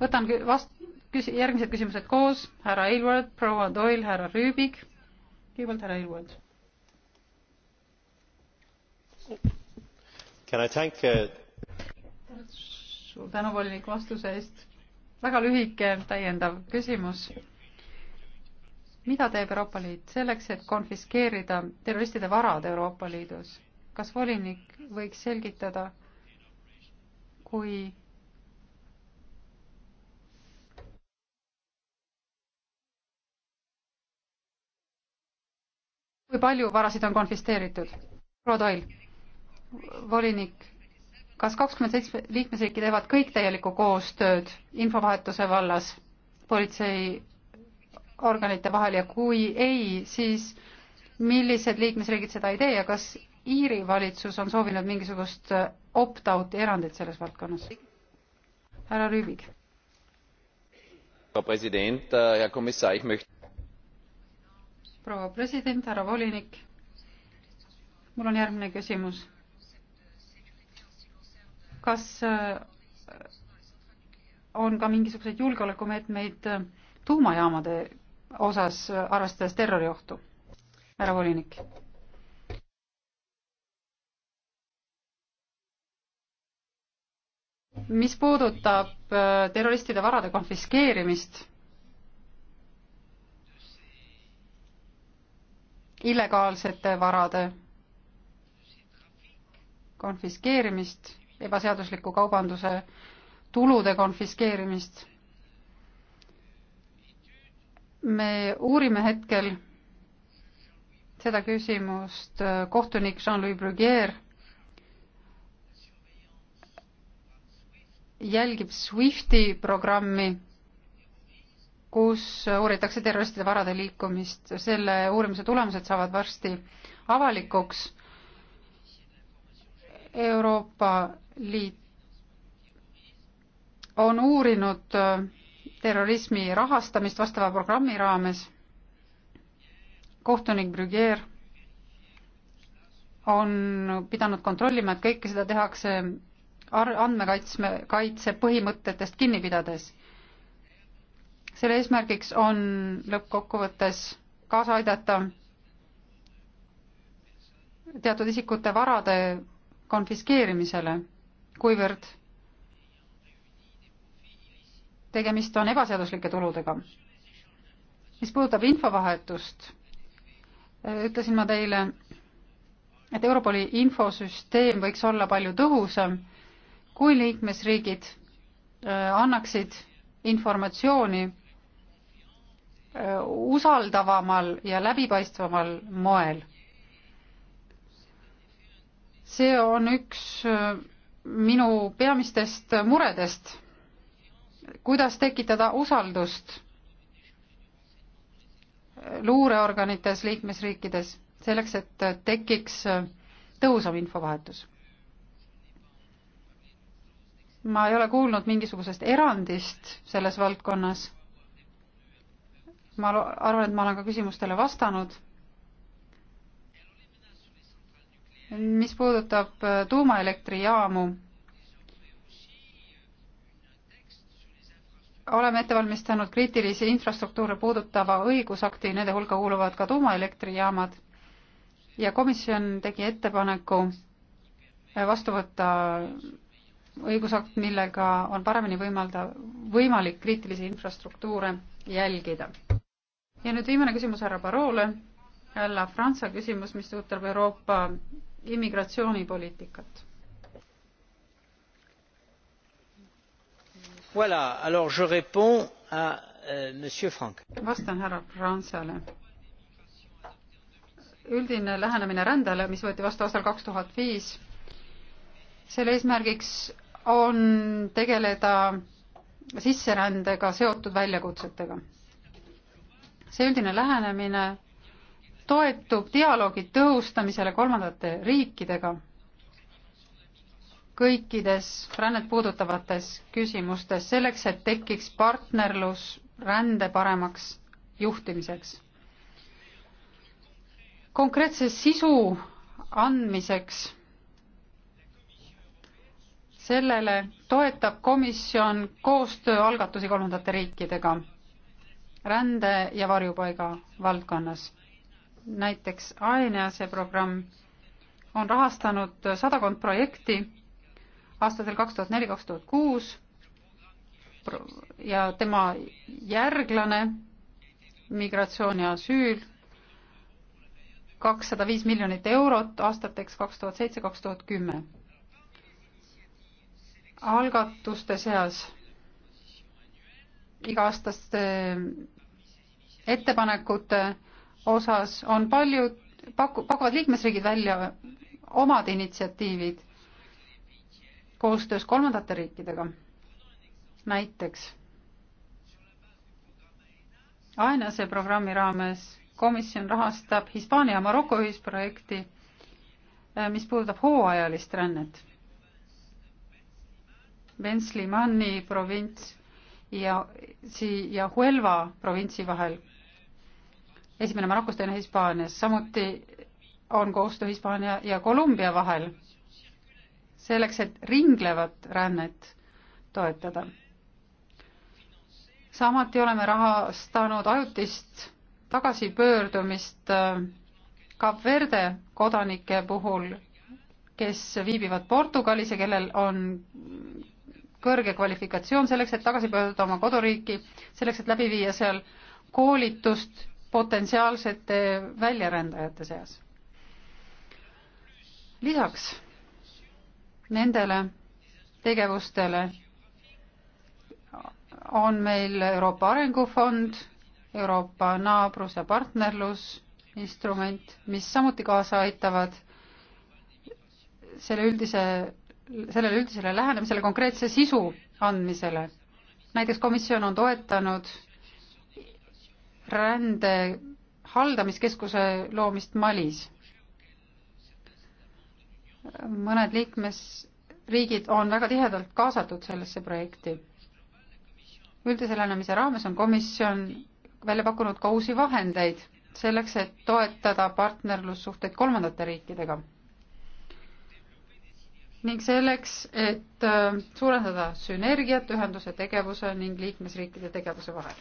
võtan vast-, küsi-, järgmised küsimused koos, härra Aylward, proua Doyle, härra Rüübik. kõigepealt härra Aylward. Can I thank uh suur tänu, volinik, vastuse eest. väga lühike täiendav küsimus. mida teeb Euroopa Liit selleks, et konfiskeerida terroristide varad Euroopa Liidus? kas volinik võiks selgitada, kui kui palju varasid on konfisteeritud? proua Toil, volinik kas kakskümmend seitse liikmesriiki teevad kõik täielikku koostööd infovahetuse vallas politseiorganite vahel ja kui ei, siis millised liikmesriigid seda ei tee ja kas Iiri valitsus on soovinud mingisugust opt-out'i erandit selles valdkonnas? härra Rüübik. Äh, proua president, härra volinik, mul on järgmine küsimus kas äh, on ka mingisuguseid julgeolekumeetmeid äh, tuumajaamade osas, äh, arvestades terroriohtu? härra volinik. mis puudutab terroristide varade konfiskeerimist, illegaalsete varade konfiskeerimist ebaseadusliku kaubanduse tulude konfiskeerimist. me uurime hetkel seda küsimust äh, kohtunik Jean-Louis Bruguier jälgib SWIFTi programmi, kus uuritakse terroristide varade liikumist. selle uurimise tulemused saavad varsti avalikuks Euroopa Liit on uurinud äh, terrorismi rahastamist vastava programmi raames. kohtunik Brügger on pidanud kontrollima, et kõike seda tehakse andmekaitsme, kaitse põhimõtetest kinni pidades. selle eesmärgiks on lõppkokkuvõttes kaasa aidata teatud isikute varade konfiskeerimisele, kuivõrd tegemist on ebaseaduslike tuludega. mis puudutab infovahetust, ütlesin ma teile, et Europoli infosüsteem võiks olla palju tõhusam, kui liikmesriigid äh, annaksid informatsiooni äh, usaldavamal ja läbipaistvamal moel see on üks äh, minu peamistest muredest, kuidas tekitada usaldust luureorganites liikmesriikides, selleks et äh, tekiks äh, tõhusam infovahetus. ma ei ole kuulnud mingisugusest erandist selles valdkonnas. ma arvan, et ma olen ka küsimustele vastanud mis puudutab äh, tuumaelektrijaamu, oleme ette valmistanud kriitilisi infrastruktuure puudutava õigusakti, nende hulka kuuluvad ka tuumaelektrijaamad ja komisjon tegi ettepaneku äh, vastu võtta õigusakt, millega on paremini võimalda, võimalik kriitilisi infrastruktuure jälgida. ja nüüd viimane küsimus härra Baroole, jälle Franza küsimus, mis puudutab Euroopa immigratsioonipoliitikat. Voilà, alors je réponds à euh, Monsieur Frank. vastan härra Fransale. üldine lähenemine rändele, mis võeti vastu aastal kaks tuhat viis, selle eesmärgiks on tegeleda sisserändega seotud väljakutsetega. see üldine lähenemine toetub dialoogi tõhustamisele kolmandate riikidega kõikides rännet puudutavates küsimustes selleks, et tekiks partnerlus rände paremaks juhtimiseks. konkreetse sisu andmiseks sellele toetab komisjon koostööalgatusi kolmandate riikidega rände ja varjupaiga valdkonnas näiteks Aenease programm on rahastanud sadakond projekti aastatel kaks tuhat neli, kaks tuhat kuus ja tema järglane migratsioon ja asüül kakssada viis miljonit eurot aastateks kaks tuhat seitse, kaks tuhat kümme. algatuste seas iga-aastaste ettepanekute osas on paljud, paku-, pakuvad liikmesriigid välja omad initsiatiivid koostöös kolmandate riikidega. näiteks Ainase programmi raames komisjon rahastab Hispaania ja Maroko ühisprojekti, äh, mis puudutab hooajalist rännet. Ventslii-Manni provints ja, ja Huelva provintsi vahel esimene Marokos, teine Hispaanias, samuti on koostöö Hispaania ja Kolumbia vahel selleks, et ringlevat rännet toetada. samuti oleme rahastanud ajutist tagasipöördumist äh, Kap Verde kodanike puhul, kes viibivad Portugalis ja kellel on kõrge kvalifikatsioon selleks, et tagasi pöörduda oma koduriiki, selleks, et läbi viia seal koolitust potentsiaalsete väljarändajate seas. lisaks nendele tegevustele on meil Euroopa Arengufond, Euroopa naabrus- ja partnerlusinstrument, mis samuti kaasa aitavad selle üldise, sellele üldisele lähenemisele konkreetse sisu andmisele. näiteks komisjon on toetanud rände haldamiskeskuse loomist Malis. mõned liikmesriigid on väga tihedalt kaasatud sellesse projekti. üldise lähenemise raames on komisjon välja pakkunud ka uusi vahendeid selleks, et toetada partnerlussuhteid kolmandate riikidega. ning selleks, et äh, suurendada sünergiat ühenduse tegevuse ning liikmesriikide tegevuse vahel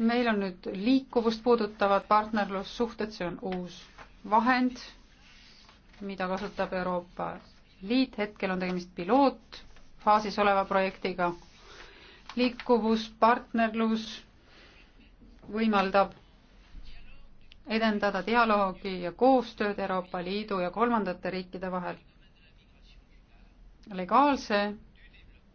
meil on nüüd liikuvust puudutavad partnerlussuhted, see on uus vahend, mida kasutab Euroopa Liit, hetkel on tegemist pilootfaasis oleva projektiga. liikuvus, partnerlus võimaldab edendada dialoogi ja koostööd Euroopa Liidu ja kolmandate riikide vahel. legaalse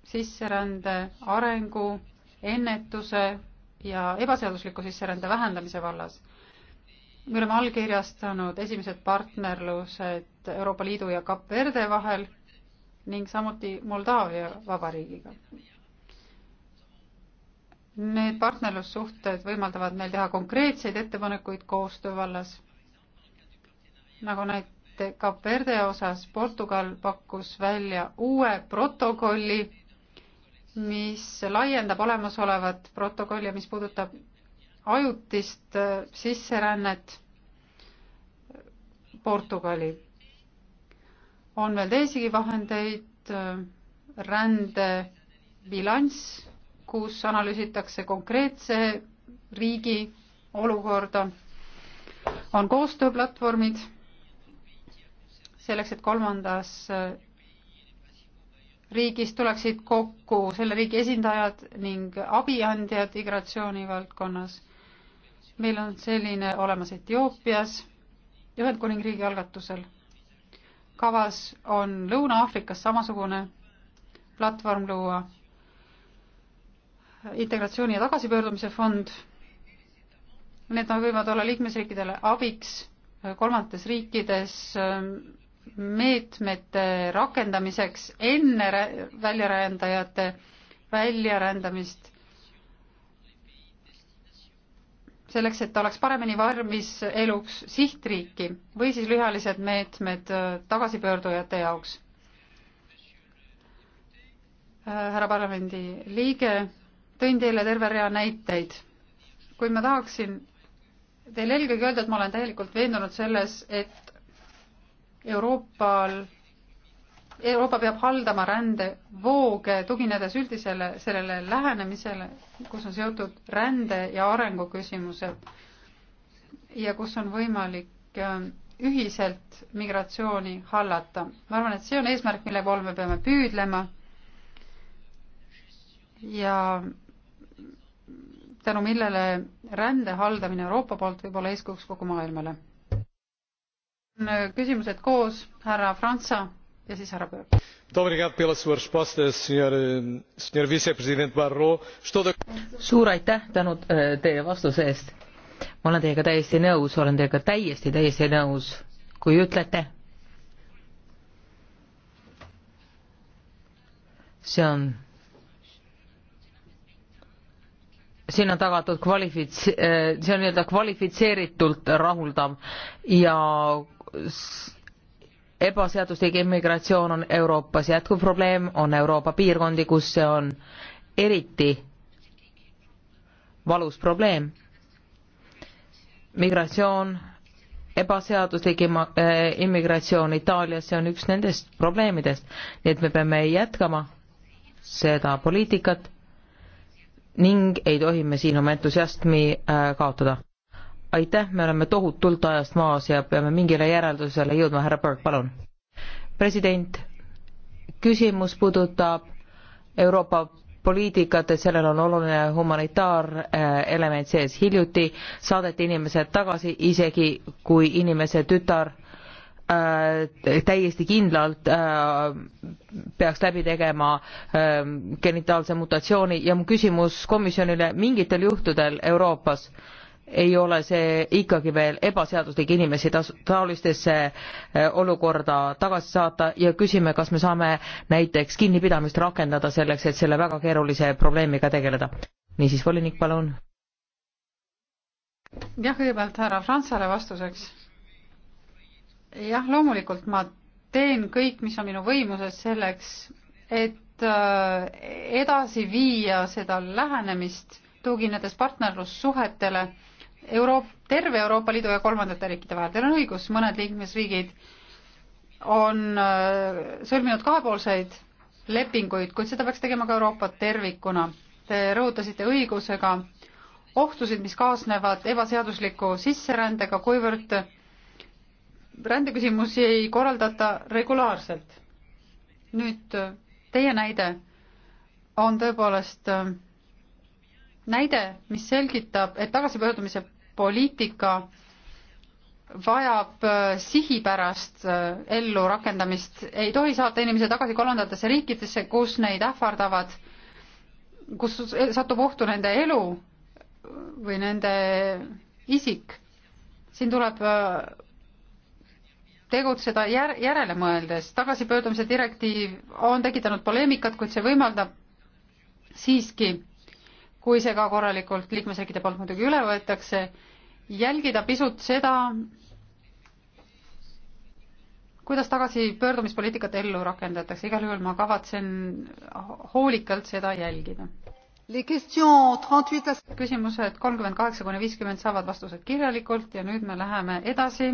sisserände arengu, ennetuse ja ebaseadusliku sisserände vähendamise vallas. me oleme allkirjastanud esimesed partnerlused Euroopa Liidu ja Kap Verde vahel ning samuti Moldaavia vabariigiga. Need partnerlussuhted võimaldavad meil teha konkreetseid ettepanekuid koostöö vallas, nagu näiteks Kap Verde osas Portugal pakkus välja uue protokolli mis laiendab olemasolevat protokolli ja mis puudutab ajutist äh, sisserännet Portugali. on veel teisigi vahendeid, äh, rändebilanss, kus analüüsitakse konkreetse riigi olukorda, on koostööplatvormid selleks, et kolmandas äh, riigis tuleksid kokku selle riigi esindajad ning abiandjad migratsiooni valdkonnas. meil on selline olemas Etioopias Ühendkuningriigi algatusel. kavas on Lõuna-Aafrikas samasugune platvorm luua, integratsiooni ja tagasipöördumise fond. Need võivad olla liikmesriikidele abiks kolmandates riikides meetmete rakendamiseks enne väljarändajate väljarändamist, selleks, et oleks paremini valmis eluks sihtriiki või siis lühiajalised meetmed äh, tagasipöördujate jaoks. Äh, härra parlamendi liige, tõin teile terve rea näiteid. kui ma tahaksin teile eelkõige öelda, et ma olen täielikult veendunud selles, et Euroopal, Euroopa peab haldama rändevooge, tuginedes üldisele sellele lähenemisele, kus on seotud rände ja arengu küsimused ja kus on võimalik äh, ühiselt migratsiooni hallata. ma arvan, et see on eesmärk, mille poole me peame püüdlema ja tänu millele rände haldamine Euroopa poolt võib olla eeskujuks kogu maailmale Äh, küsimused koos, härra Franza ja siis härra Pöör. Eh, suur aitäh tänud äh, teie vastuse eest. ma olen teiega täiesti nõus, olen teiega täiesti, täiesti nõus, kui ütlete. see on siin on tagatud kvalifits-, äh, see on nii-öelda kvalifitseeritult rahuldav ja ebaseaduslik immigratsioon on Euroopas jätkuv probleem, on Euroopa piirkondi, kus see on eriti valus probleem. migratsioon, ebaseaduslik äh, immigratsioon Itaaliasse on üks nendest probleemidest, nii et me peame jätkama seda poliitikat ning ei tohi me siin oma entusiasmi äh, kaotada aitäh, me oleme tohutult ajast maas ja peame mingile järeldusele jõudma, härra Berg, palun. president, küsimus puudutab Euroopa poliitikat, et sellel on oluline humanitaarelement sees. hiljuti saadeti inimesed tagasi, isegi kui inimese tütar äh, täiesti kindlalt äh, peaks läbi tegema äh, genitaalse mutatsiooni ja mu küsimus komisjonile, mingitel juhtudel Euroopas äh, ei ole see ikkagi veel ebaseaduslik inimesi taolistesse äh, olukorda tagasi saata ja küsime, kas me saame näiteks kinnipidamist rakendada selleks, et selle väga keerulise probleemiga tegeleda. niisiis, volinik, palun. jah, kõigepealt härra Franzale vastuseks. jah, loomulikult ma teen kõik, mis on minu võimuses selleks, et äh, edasi viia seda lähenemist tuginedes partnerlussuhetele Euroop-, terve Euroopa Liidu ja kolmandate riikide vahel. Teil on õigus, mõned liikmesriigid on äh, sõlminud kahepoolseid lepinguid, kuid seda peaks tegema ka Euroopa tervikuna. Te rõhutasite õigusega ohtusid, mis kaasnevad ebaseadusliku sisserändega, kuivõrd rändeküsimusi ei korraldata regulaarselt. nüüd teie näide on tõepoolest äh, näide, mis selgitab, et tagasipöördumise poliitika vajab äh, sihipärast äh, ellurakendamist, ei tohi saata inimesi tagasi kolmandatesse riikidesse, kus neid ähvardavad, kus satub ohtu nende elu või nende isik. siin tuleb äh, tegutseda jär-, järele mõeldes, tagasipöördumise direktiiv on tekitanud poleemikat, kuid see võimaldab siiski kui see ka korralikult liikmesriikide poolt muidugi üle võetakse, jälgida pisut seda, kuidas tagasipöördumispoliitikat ellu rakendatakse, igal juhul ma kavatsen hoolikalt seda jälgida. küsimused kolmkümmend kaheksa kuni viiskümmend saavad vastused kirjalikult ja nüüd me läheme edasi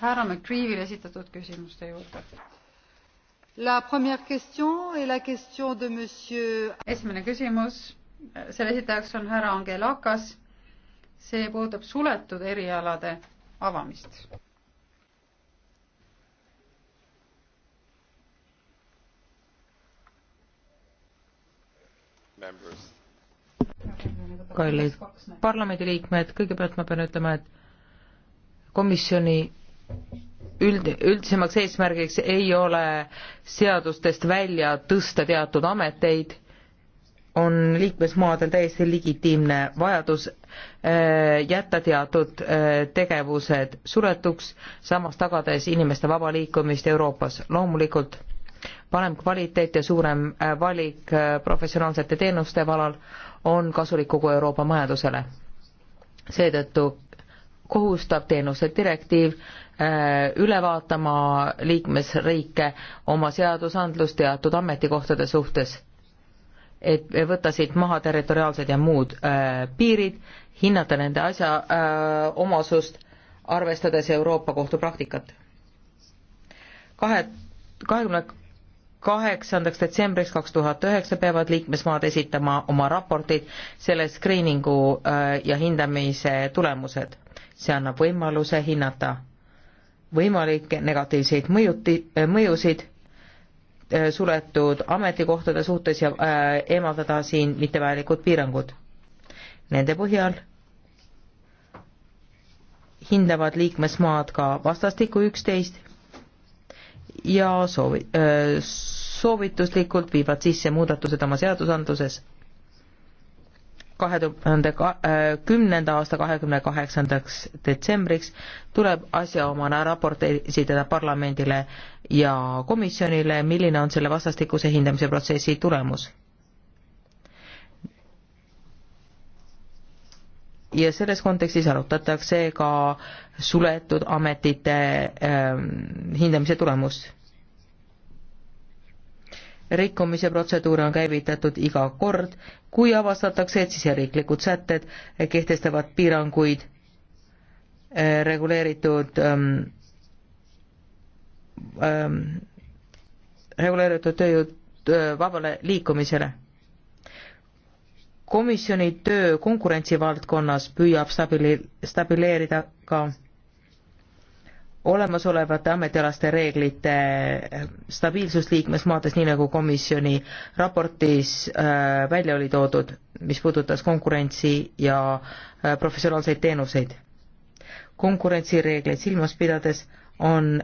härra McCreevile esitatud küsimuste juurde esimene küsimus, selle esitajaks on härra Angelakas. see puudutab suletud erialade avamist. kallid parlamendiliikmed, kõigepealt ma pean ütlema, et komisjoni üld, üldisemaks eesmärgiks ei ole seadustest välja tõsta teatud ameteid, on liikmesmaadel täiesti legitiimne vajadus äh, jätta teatud äh, tegevused suletuks, samas tagades inimeste vaba liikumist Euroopas. loomulikult parem kvaliteet ja suurem äh, valik äh, professionaalsete teenuste valal on kasulik kogu Euroopa majandusele. seetõttu kohustab teenuse direktiiv Äh, üle vaatama liikmesriike oma seadusandlust teatud ametikohtade suhtes, et võtta siit maha territoriaalsed ja muud äh, piirid, hinnata nende asja äh, omasust, arvestades Euroopa Kohtu praktikat. kahe, kahekümne kaheksandaks detsembriks kaks tuhat üheksa peavad liikmesmaad esitama oma raportid selle screeningu äh, ja hindamise tulemused. see annab võimaluse hinnata võimalikke negatiivseid mõjuti, mõjusid äh, suletud ametikohtade suhtes ja äh, eemaldada siin mittevajalikud piirangud. Nende põhjal hindavad liikmesmaad ka vastastikku üksteist ja soovi-, äh, soovituslikult viivad sisse muudatused oma seadusandluses kahe tuhande äh, kümnenda aasta kahekümne kaheksandaks detsembriks tuleb asjaomane raport esitada parlamendile ja komisjonile, milline on selle vastastikuse hindamise protsessi tulemus. ja selles kontekstis arutatakse ka suletud ametite äh, hindamise tulemust rikkumise protseduur on käivitatud iga kord, kui avastatakse, et siseriiklikud sätted kehtestavad piiranguid äh, reguleeritud ähm, ähm, reguleeritud tööjõud äh, vabale liikumisele. komisjoni töö konkurentsivaldkonnas püüab stabili-, stabileerida ka olemasolevate ametialaste reeglite eh, stabiilsust liikmesmaades, nii nagu komisjoni raportis eh, välja oli toodud, mis puudutas konkurentsi ja eh, professionaalseid teenuseid. konkurentsireegleid silmas pidades on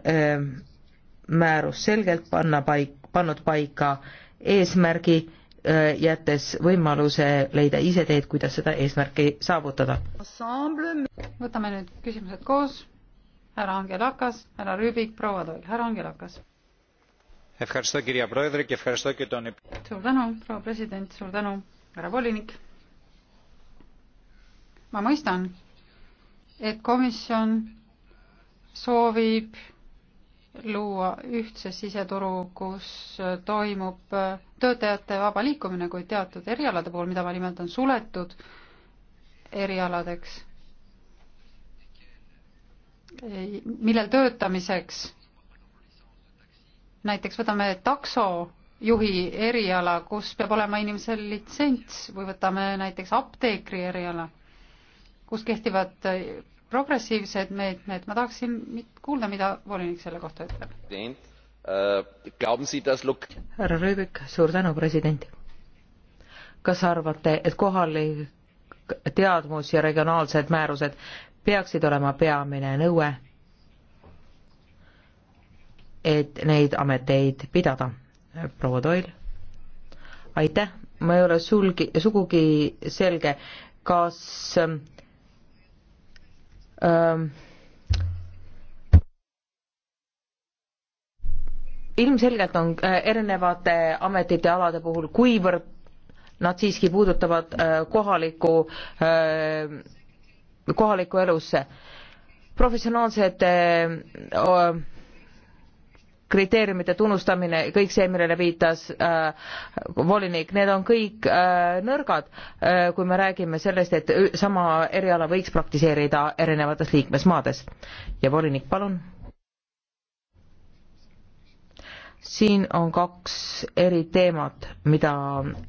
määrus selgelt panna paik, pannud paika eesmärgi, jättes võimaluse leida ise teed, kuidas seda eesmärki saavutada. võtame nüüd küsimused koos härra Angelakas, härra Rüübik, proua Toil, härra Angelakas. suur tänu, proua president, suur tänu, härra volinik. ma mõistan, et komisjon soovib luua ühtse siseturu, kus toimub töötajate vaba liikumine, kuid teatud erialade puhul, mida ma nimetan suletud erialadeks, millel töötamiseks, näiteks võtame taksojuhi eriala, kus peab olema inimesel litsents või võtame näiteks apteekri eriala, kus kehtivad äh, progressiivsed meetmed, ma tahaksin kuulda, mida volinik selle kohta ütleb äh, härra Rüübik, suur tänu, president. kas arvate, et kohalik teadmus ja regionaalsed määrused peaksid olema peamine nõue, et neid ameteid pidada. proua Toil, aitäh, ma ei ole sulgi, sugugi selge, kas ähm, ähm ilmselgelt on äh, erinevate ametite ja alade puhul, kuivõrd nad siiski puudutavad äh, kohalikku äh, kohalikku elusse. professionaalsete äh, kriteeriumite tunnustamine, kõik see, millele viitas äh, volinik, need on kõik äh, nõrgad äh,, kui me räägime sellest, et sama eriala võiks praktiseerida erinevates liikmesmaades. ja volinik, palun siin on kaks eri teemat, mida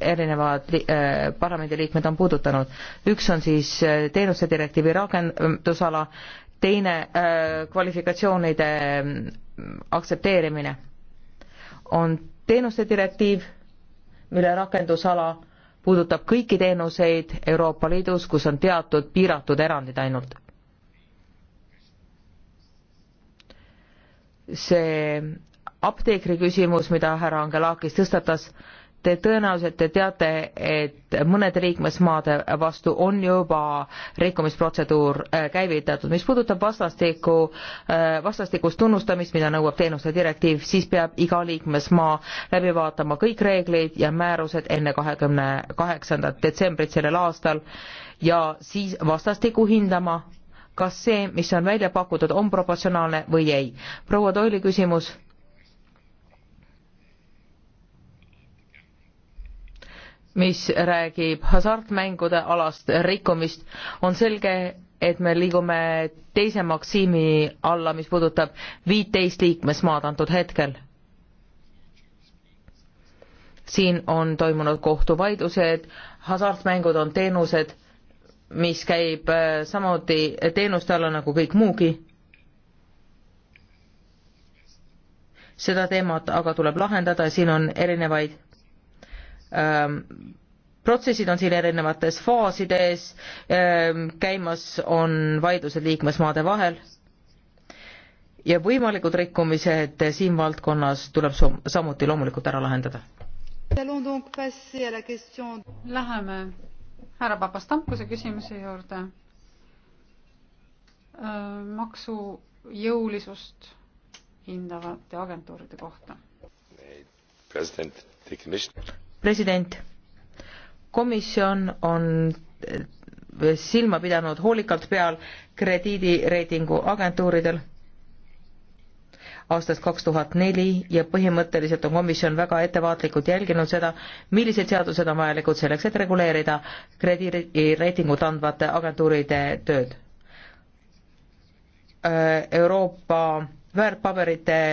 erinevad äh, parlamendiliikmed on puudutanud. üks on siis äh, teenuste direktiivi rakendusala, teine äh, kvalifikatsioonide äh, aktsepteerimine. on teenuste direktiiv, mille rakendusala puudutab kõiki teenuseid Euroopa Liidus, kus on teatud piiratud erandid ainult see apteekri küsimus, mida härra Angelakis tõstatas, te tõenäoliselt te teate, et mõnede liikmesmaade vastu on juba rikkumisprotseduur äh, käivitatud. mis puudutab vastastiku, äh, vastastikust tunnustamist, mida nõuab teenuste direktiiv, siis peab iga liikmesmaa läbi vaatama kõik reeglid ja määrused enne kahekümne kaheksandat detsembrit sellel aastal ja siis vastastikku hindama, kas see, mis on välja pakutud, on proportsionaalne või ei. proua Toili küsimus mis räägib hasartmängude alast rikkumist, on selge, et me liigume teise maksiimi alla, mis puudutab viiteist liikmesmaad antud hetkel. siin on toimunud kohtuvaidlused, hasartmängud on teenused, mis käib äh, samuti teenuste alla nagu kõik muugi. seda teemat aga tuleb lahendada ja siin on erinevaid Ähm, protsessid on siin erinevates faasides, ähm, käimas on vaidlused liikmesmaade vahel ja võimalikud rikkumised siin valdkonnas tuleb samuti loomulikult ära lahendada. Läheme härra Papastamkuse küsimuse juurde. Äh, maksu jõulisust hindavate agentuuride kohta. president president, komisjon on eh, silma pidanud hoolikalt peal krediidireitingu agentuuridel aastast kaks tuhat neli ja põhimõtteliselt on komisjon väga ettevaatlikult jälginud seda, millised seadused on vajalikud selleks, et reguleerida krediidireitingut andvate agentuuride tööd. Äh, Euroopa väärtpaberite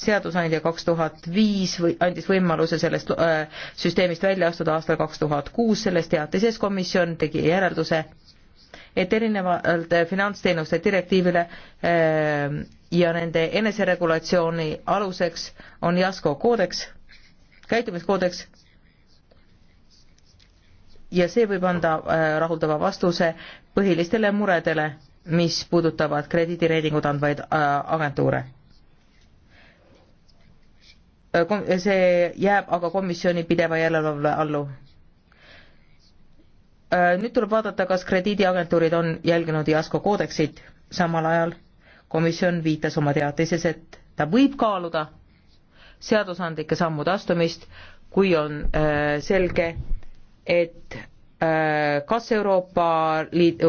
seadusandja kaks tuhat viis või andis võimaluse sellest äh, süsteemist välja astuda aastal kaks tuhat kuus, selles teatises komisjon tegi järelduse, et erinevalt äh, finantsteenuste direktiivile äh, ja nende eneseregulatsiooni aluseks on JASKO koodeks, käitumiskoodeks, ja see võib anda äh, rahuldava vastuse põhilistele muredele, mis puudutavad krediidireitingut andvaid äh, agentuure Äh, see jääb aga komisjoni pideva järelevalve allu. Äh, nüüd tuleb vaadata, kas krediidiagentuurid on jälginud IASCO koodeksit, samal ajal komisjon viitas oma teatises, et ta võib kaaluda seadusandlike sammude astumist, kui on äh, selge, et kas Euroopa Liidu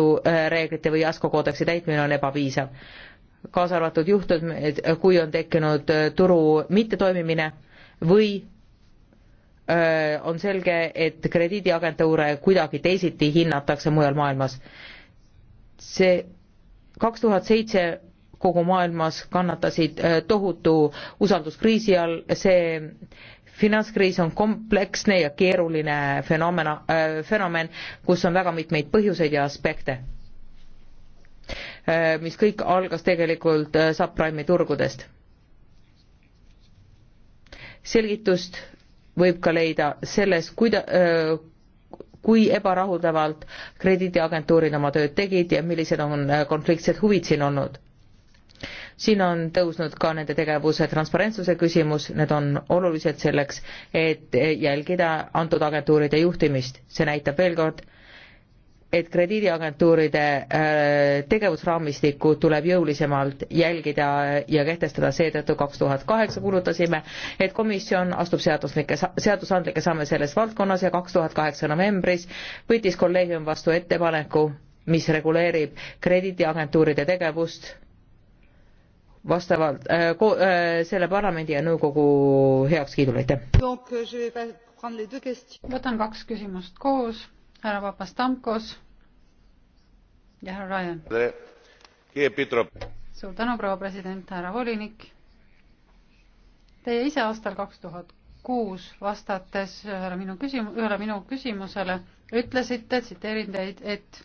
reeglite või IASCO koodeksi täitmine on ebapiisav kaasa arvatud juhtud, kui on tekkinud äh, turu mittetoimimine või äh, on selge, et krediidiagentuure kuidagi teisiti hinnatakse mujal maailmas. see kaks tuhat seitse kogu maailmas kannatasid äh, tohutu usalduskriisi all, see finantskriis on kompleksne ja keeruline fenomena, fenomen, kus on väga mitmeid põhjuseid ja aspekte Äh, mis kõik algas tegelikult äh, subprime turgudest. selgitust võib ka leida selles, kuida-, äh, kui ebarahuldavalt krediidiagentuurid oma tööd tegid ja millised on konfliktsed huvid siin olnud. siin on tõusnud ka nende tegevuse transparentsuse küsimus, need on olulised selleks, et jälgida antud agentuuride juhtimist. see näitab veel kord, et krediidiagentuuride äh, tegevusraamistikku tuleb jõulisemalt jälgida ja kehtestada, seetõttu kaks tuhat kaheksa kuulutasime, et komisjon astub seaduslikke, seadusandlikke samme selles valdkonnas ja kaks tuhat kaheksa novembris võttis kolleegium vastu ettepaneku, mis reguleerib krediidiagentuuride tegevust vastavalt äh, ko, äh, selle parlamendi ja nõukogu heakskiidule, aitäh. võtan kaks küsimust koos härra Papastamkos ja härra Ryan. suur tänu, proua president, härra volinik. Teie ise aastal kaks tuhat kuus vastates ühele minu küsimu-, ühele minu küsimusele ütlesite, tsiteerin teid, et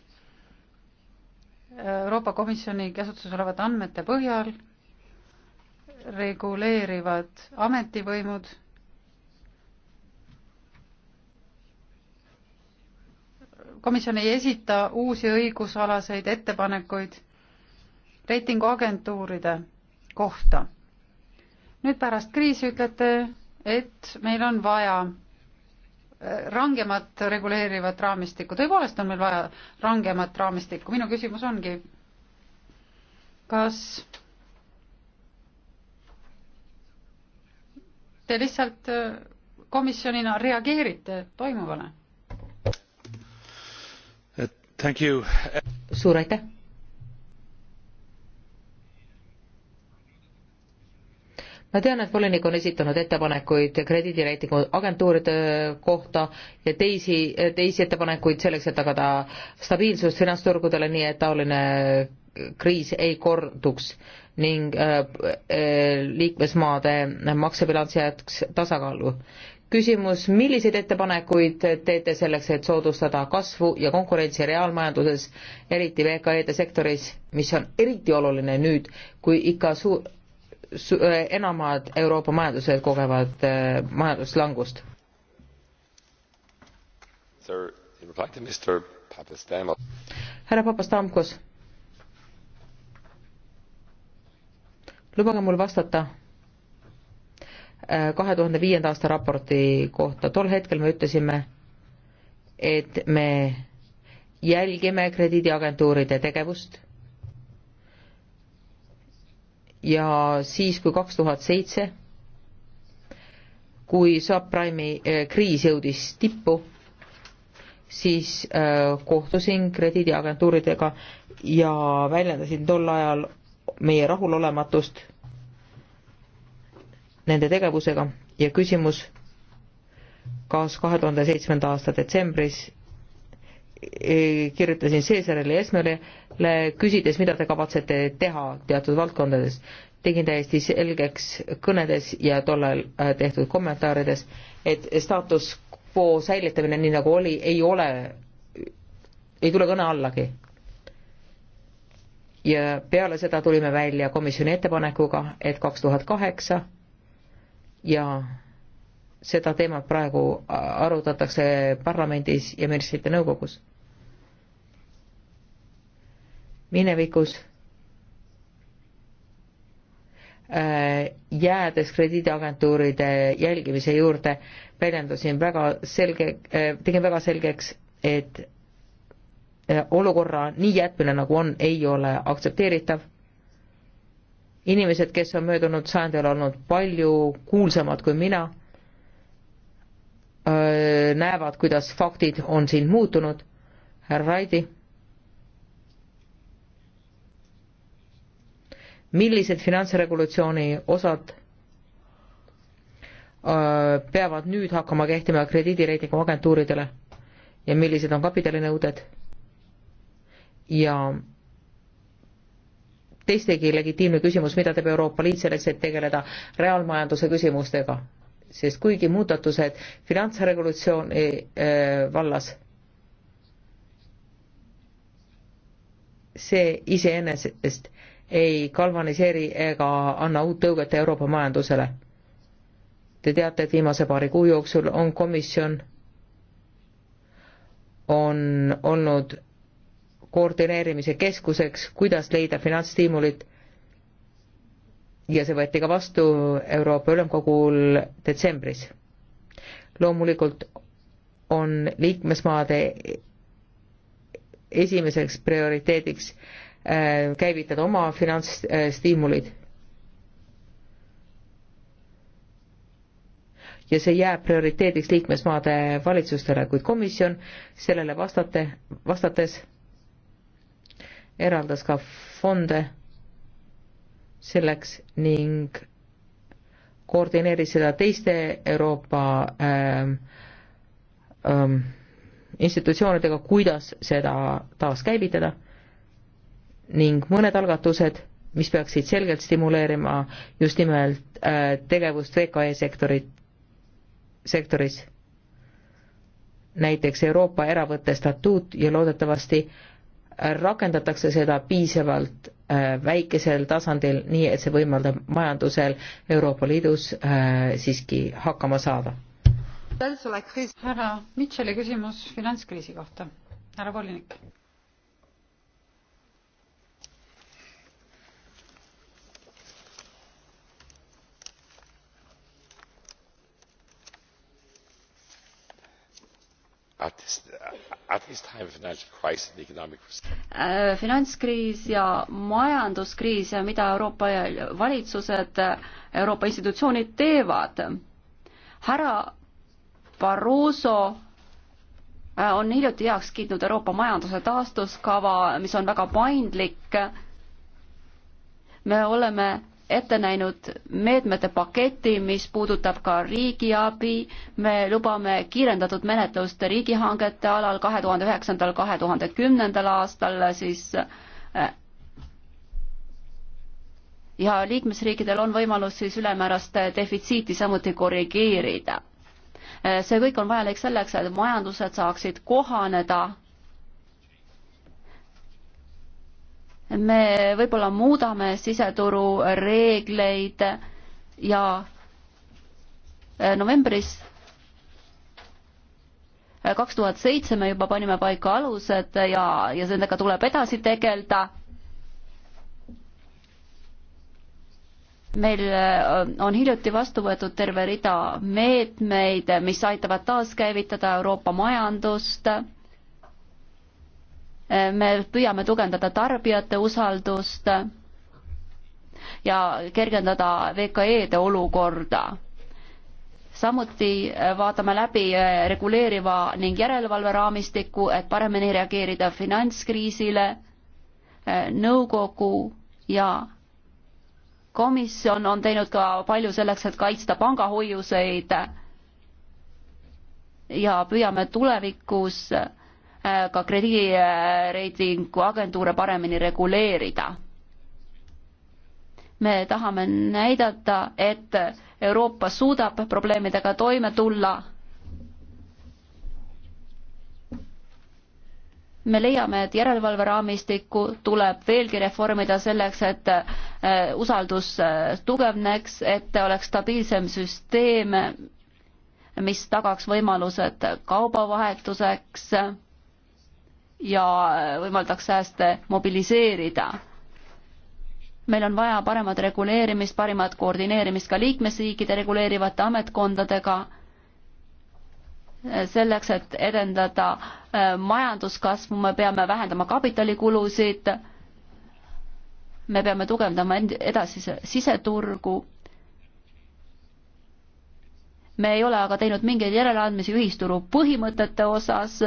Euroopa Komisjoni käsutuses olevate andmete põhjal reguleerivad ametivõimud komisjon ei esita uusi õigusalaseid ettepanekuid reitinguagentuuride kohta. nüüd pärast kriisi ütlete, et meil on vaja äh, rangemat reguleerivat raamistikku, tõepoolest on meil vaja rangemat raamistikku, minu küsimus ongi, kas te lihtsalt äh, komisjonina reageerite toimuvale? suur aitäh! ma tean, et volinik on esitanud ettepanekuid krediidireitingu agentuuride kohta ja teisi, teisi ettepanekuid selleks, et tagada stabiilsust finantsturgudele, nii et taoline kriis ei korduks ning äh, äh, liikmesmaade maksebilanss jääks tasakaalu küsimus, milliseid ettepanekuid teete selleks, et soodustada kasvu ja konkurentsi reaalmajanduses, eriti VKE-de sektoris, mis on eriti oluline nüüd, kui ikka suur su, enamad Euroopa majandused kogevad eh, majanduslangust? härra Papastamkos, lubage mul vastata kahe tuhande viienda aasta raporti kohta. tol hetkel me ütlesime, et me jälgime krediidiagentuuride tegevust ja siis, kui kaks tuhat seitse, kui subprime'i eh, kriis jõudis tippu, siis eh, kohtusin krediidiagentuuridega ja väljendasin tol ajal meie rahulolematust nende tegevusega ja küsimus, kas kahe tuhande seitsmenda aasta detsembris e, kirjutasin Seesarile ja Esmerile küsides, mida te kavatsete teha teatud valdkondades. tegin täiesti selgeks kõnedes ja tollal äh, tehtud kommentaarides, et staatus quo säilitamine, nii nagu oli, ei ole, ei tule kõne allagi ja peale seda tulime välja komisjoni ettepanekuga, et kaks tuhat kaheksa ja seda teemat praegu arutatakse parlamendis ja ministrite nõukogus. minevikus äh, jäädes krediidiagentuuride jälgimise juurde, väljendasin väga selge, äh, tegin väga selgeks, et äh, olukorra nii jätmine, nagu on, ei ole aktsepteeritav inimesed, kes on möödunud sajandil olnud palju kuulsamad kui mina, näevad, kuidas faktid on siin muutunud. härra Raidi. millised finantsregulatsiooni osad peavad nüüd hakkama kehtima krediidireitingu agentuuridele ja millised on kapitalinõuded ja teistegi legitiimne küsimus, mida teeb Euroopa Liit selleks, et tegeleda reaalmajanduse küsimustega. sest kuigi muudatused finantsregulatsiooni äh, eh, eh, vallas see iseenesest ei galvaniseeri ega anna uut tõuget Euroopa majandusele. Te teate, et viimase paari kuu jooksul on komisjon, on olnud koordineerimise keskuseks, kuidas leida finantsstiimulit ja see võeti ka vastu Euroopa Ülemkogul detsembris. loomulikult on liikmesmaade esimeseks prioriteediks äh, käivitada oma finantsstiimulid. ja see jääb prioriteediks liikmesmaade valitsustele, kuid komisjon sellele vastate, vastates eraldas ka fonde selleks ning koordineeris seda teiste Euroopa ähm, ähm, institutsioonidega, kuidas seda taaskäivitada ning mõned algatused, mis peaksid selgelt stimuleerima just nimelt äh, tegevust VKE sektorit, sektoris, näiteks Euroopa eravõtte statuut ja loodetavasti äh, rakendatakse seda piisavalt äh, väikesel tasandil, nii et see võimaldab majandusel Euroopa Liidus äh, siiski hakkama saada. härra Mitchell'i küsimus finantskriisi kohta, härra volinik Uh, äh, finantskriis ja majanduskriis, mida Euroopa valitsused, Euroopa institutsioonid teevad. härra Barroso äh, on hiljuti heaks kiitnud Euroopa majanduse taastuskava, mis on väga paindlik. me oleme ette näinud meetmete paketi, mis puudutab ka riigiabi. me lubame kiirendatud menetlust riigihangete alal kahe tuhande üheksandal, kahe tuhande kümnendal aastal siis äh, ja liikmesriikidel on võimalus siis ülemäärast defitsiiti samuti korrigeerida. Äh, see kõik on vajalik selleks, et majandused saaksid kohaneda me võib-olla muudame siseturu reegleid ja eh, novembris eh, kaks tuhat seitse me juba panime paika alused ja, ja nendega tuleb edasi tegeleda. meil eh, on hiljuti vastu võetud terve rida meetmeid, mis aitavad taaskäivitada Euroopa majandust me püüame tugevdada tarbijate usaldust ja kergendada VKE-de olukorda. samuti vaatame läbi reguleeriva ning järelevalveraamistiku, et paremini reageerida finantskriisile. nõukogu ja komisjon on teinud ka palju selleks, et kaitsta pangahoiuseid ja püüame tulevikus äh, Äh, ka krediidireitingu agentuure paremini reguleerida. me tahame näidata, et Euroopa suudab probleemidega toime tulla. me leiame, et järelevalveraamistikku tuleb veelgi reformida selleks, et äh, usaldus äh, tugevneks, et oleks stabiilsem süsteem, mis tagaks võimalused kaubavahetuseks ja äh, võimaldaks sääste mobiliseerida. meil on vaja paremat reguleerimist, paremat koordineerimist ka liikmesriikide reguleerivate ametkondadega, äh, selleks, et edendada äh, majanduskasvu, me peame vähendama kapitalikulusid, me peame tugevdama edasi siseturgu me ei ole aga teinud mingeid järeleandmisi ühisturu põhimõtete osas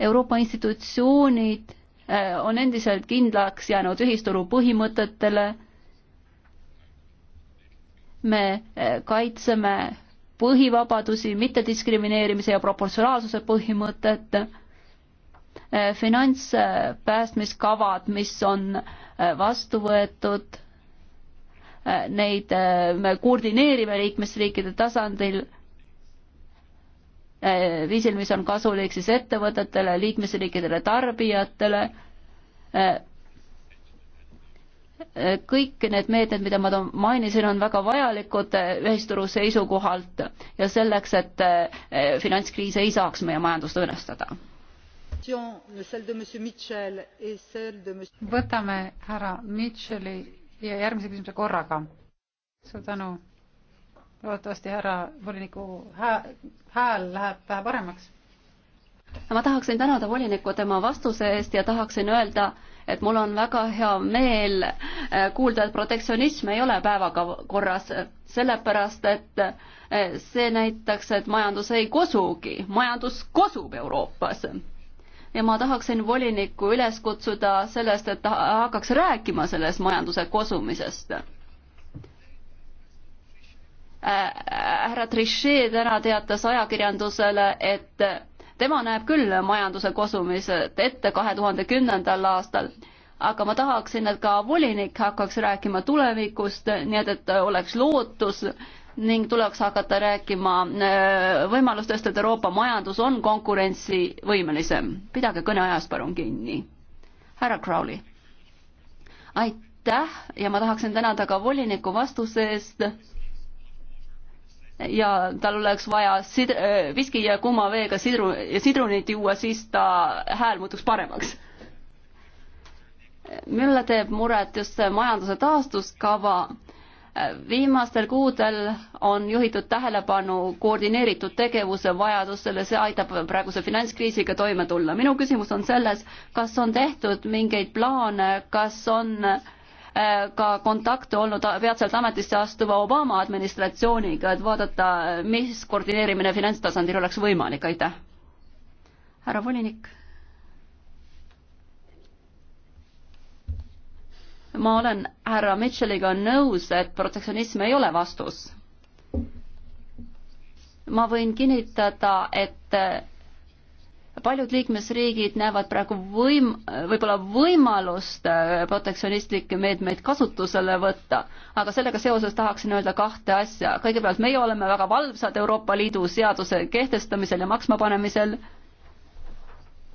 Euroopa institutsioonid äh, on endiselt kindlaks jäänud ühisturu põhimõtetele. me äh, kaitseme põhivabadusi, mittediskrimineerimise ja proportsionaalsuse põhimõtet, äh, finantspäästmiskavad, mis on vastu võetud, neid me koordineerime liikmesriikide tasandil Äh, viisil, mis on kasulik siis ettevõtetele, liikmesriikidele, tarbijatele. Äh, äh, kõik need meetmed, mida ma mainisin, on väga vajalikud ühisturu seisukohalt ja selleks, et finantskriis ei saaks meie majandust õõnestada. võtame härra Mitchell'i ja järgmise küsimuse korraga. suur tänu loodetavasti härra voliniku hääl läheb paremaks. ma tahaksin tänada volinikku tema vastuse eest ja tahaksin öelda, et mul on väga hea meel eh, kuulda, et protektsionism ei ole päevakorras, sellepärast et eh, see näitaks, et majandus ei kosugi, majandus kosub Euroopas ja ma tahaksin volinikku üles kutsuda sellest, et ta hakkaks rääkima sellest majanduse kosumisest härra Trichet täna teatas ajakirjandusele, et tema näeb küll majanduse kosumised ette kahe tuhande kümnendal aastal, aga ma tahaksin, et ka volinik hakkaks rääkima tulevikust, nii et, et oleks lootus ning tuleks hakata rääkima äh, võimalustest, et Euroopa majandus on konkurentsivõimelisem. pidage kõneajast palun kinni. härra Crowley. aitäh ja ma tahaksin tänada ka voliniku vastuse eest ja tal oleks vaja sid-, viski ja kuuma veega sidru-, sidrunit juua, siis ta hääl muutuks paremaks. mulle teeb muret just see majanduse taastuskava. viimastel kuudel on juhitud tähelepanu koordineeritud tegevuse vajadusele, see aitab praeguse finantskriisiga toime tulla. minu küsimus on selles, kas on tehtud mingeid plaane, kas on äh, ka kontakte olnud peatselt ametisse astuva Obama administratsiooniga, et vaadata, mis koordineerimine finantstasandil oleks võimalik, aitäh. härra volinik. ma olen härra Mitchelliga nõus, et protektsionism ei ole vastus. ma võin kinnitada, et paljud liikmesriigid näevad praegu võim, võib-olla võimalust äh, protektsionistlikke meetmeid kasutusele võtta, aga sellega seoses tahaksin öelda kahte asja. kõigepealt meie oleme väga valvsad Euroopa Liidu seaduse kehtestamisel ja maksmapanemisel.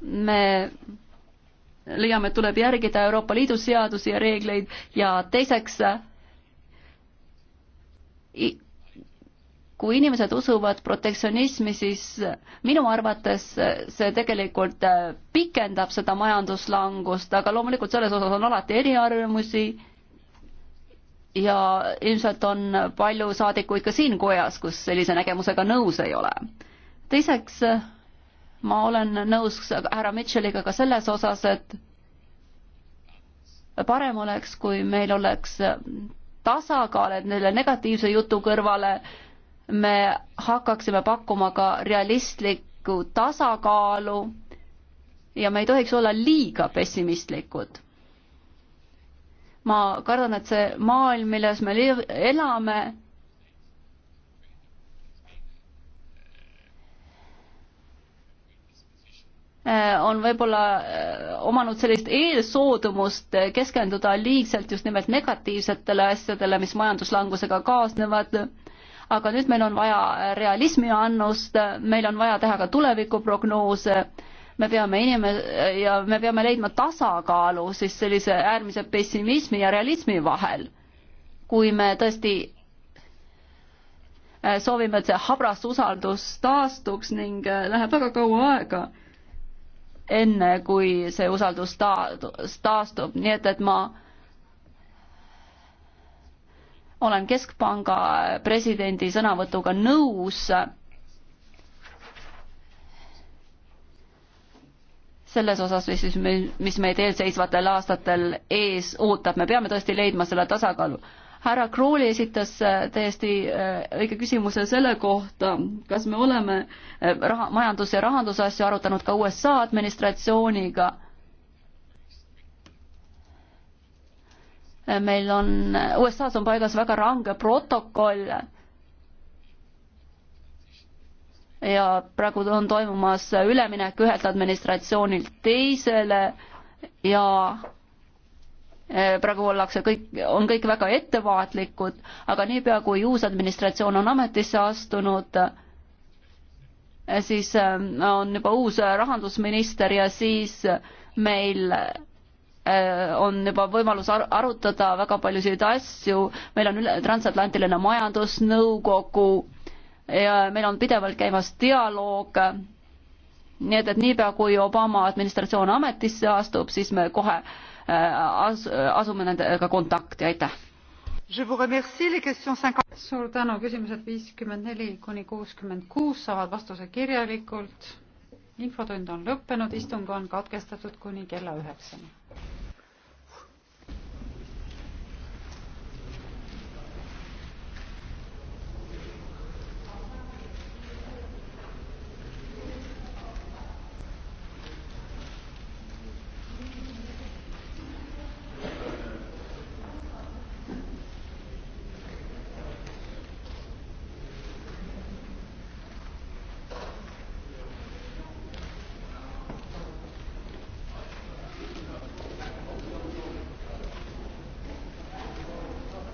me leiame, et tuleb järgida Euroopa Liidu seadusi ja reegleid ja teiseks kui inimesed usuvad protektsionismi, siis minu arvates see tegelikult äh, pikendab seda majanduslangust, aga loomulikult selles osas on alati eriarvamusi ja ilmselt on palju saadikuid ka siin kojas, kus sellise nägemusega nõus ei ole. teiseks, ma olen nõus härra Mitchelliga ka selles osas, et parem oleks, kui meil oleks tasakaal, et selle negatiivse jutu kõrvale äh, me hakkaksime pakkuma ka realistlikku tasakaalu ja me ei tohiks olla liiga pessimistlikud. ma kardan, et see maailm, milles me elame, äh, on võib-olla äh, omanud sellist eelsoodumust äh, keskenduda liigselt just nimelt negatiivsetele asjadele, mis majanduslangusega kaasnevad aga nüüd meil on vaja realismi annust, meil on vaja teha ka tulevikuprognoose, me peame inim- ja me peame leidma tasakaalu siis sellise äärmise pessimismi ja realismi vahel. kui me tõesti äh, soovime, et see habras usaldus taastuks ning äh, läheb väga kaua aega, enne kui see usaldus ta-, taastub, nii et, et ma äh, olen Keskpanga presidendi sõnavõtuga nõus. selles osas, mis, mis meid eelseisvatel aastatel ees ootab, me peame tõesti leidma selle tasakaalu. härra Krooli esitas äh, täiesti äh, õige küsimuse selle kohta, kas me oleme äh, raha, majandus- ja rahandusasju arutanud ka USA administratsiooniga meil on, USA-s on paigas väga range protokoll ja praegu on toimumas üleminek ühelt administratsioonilt teisele ja e, praegu ollakse kõik, on kõik väga ettevaatlikud, aga niipea, kui uus administratsioon on ametisse astunud, e, siis e, on juba uus rahandusminister ja siis meil Äh, on juba võimalus ar arutada väga paljusid asju, meil on üle, transatlantiline majandusnõukogu ja meil on pidevalt käimas dialoog. nii et, et niipea, kui Obama administratsioon ametisse astub, siis me kohe äh, as-, asume nendega kontakti, aitäh. suur tänu, küsimused viiskümmend neli kuni kuuskümmend kuus saavad vastuse kirjalikult infotund on lõppenud, istung on katkestatud kuni kella üheksani.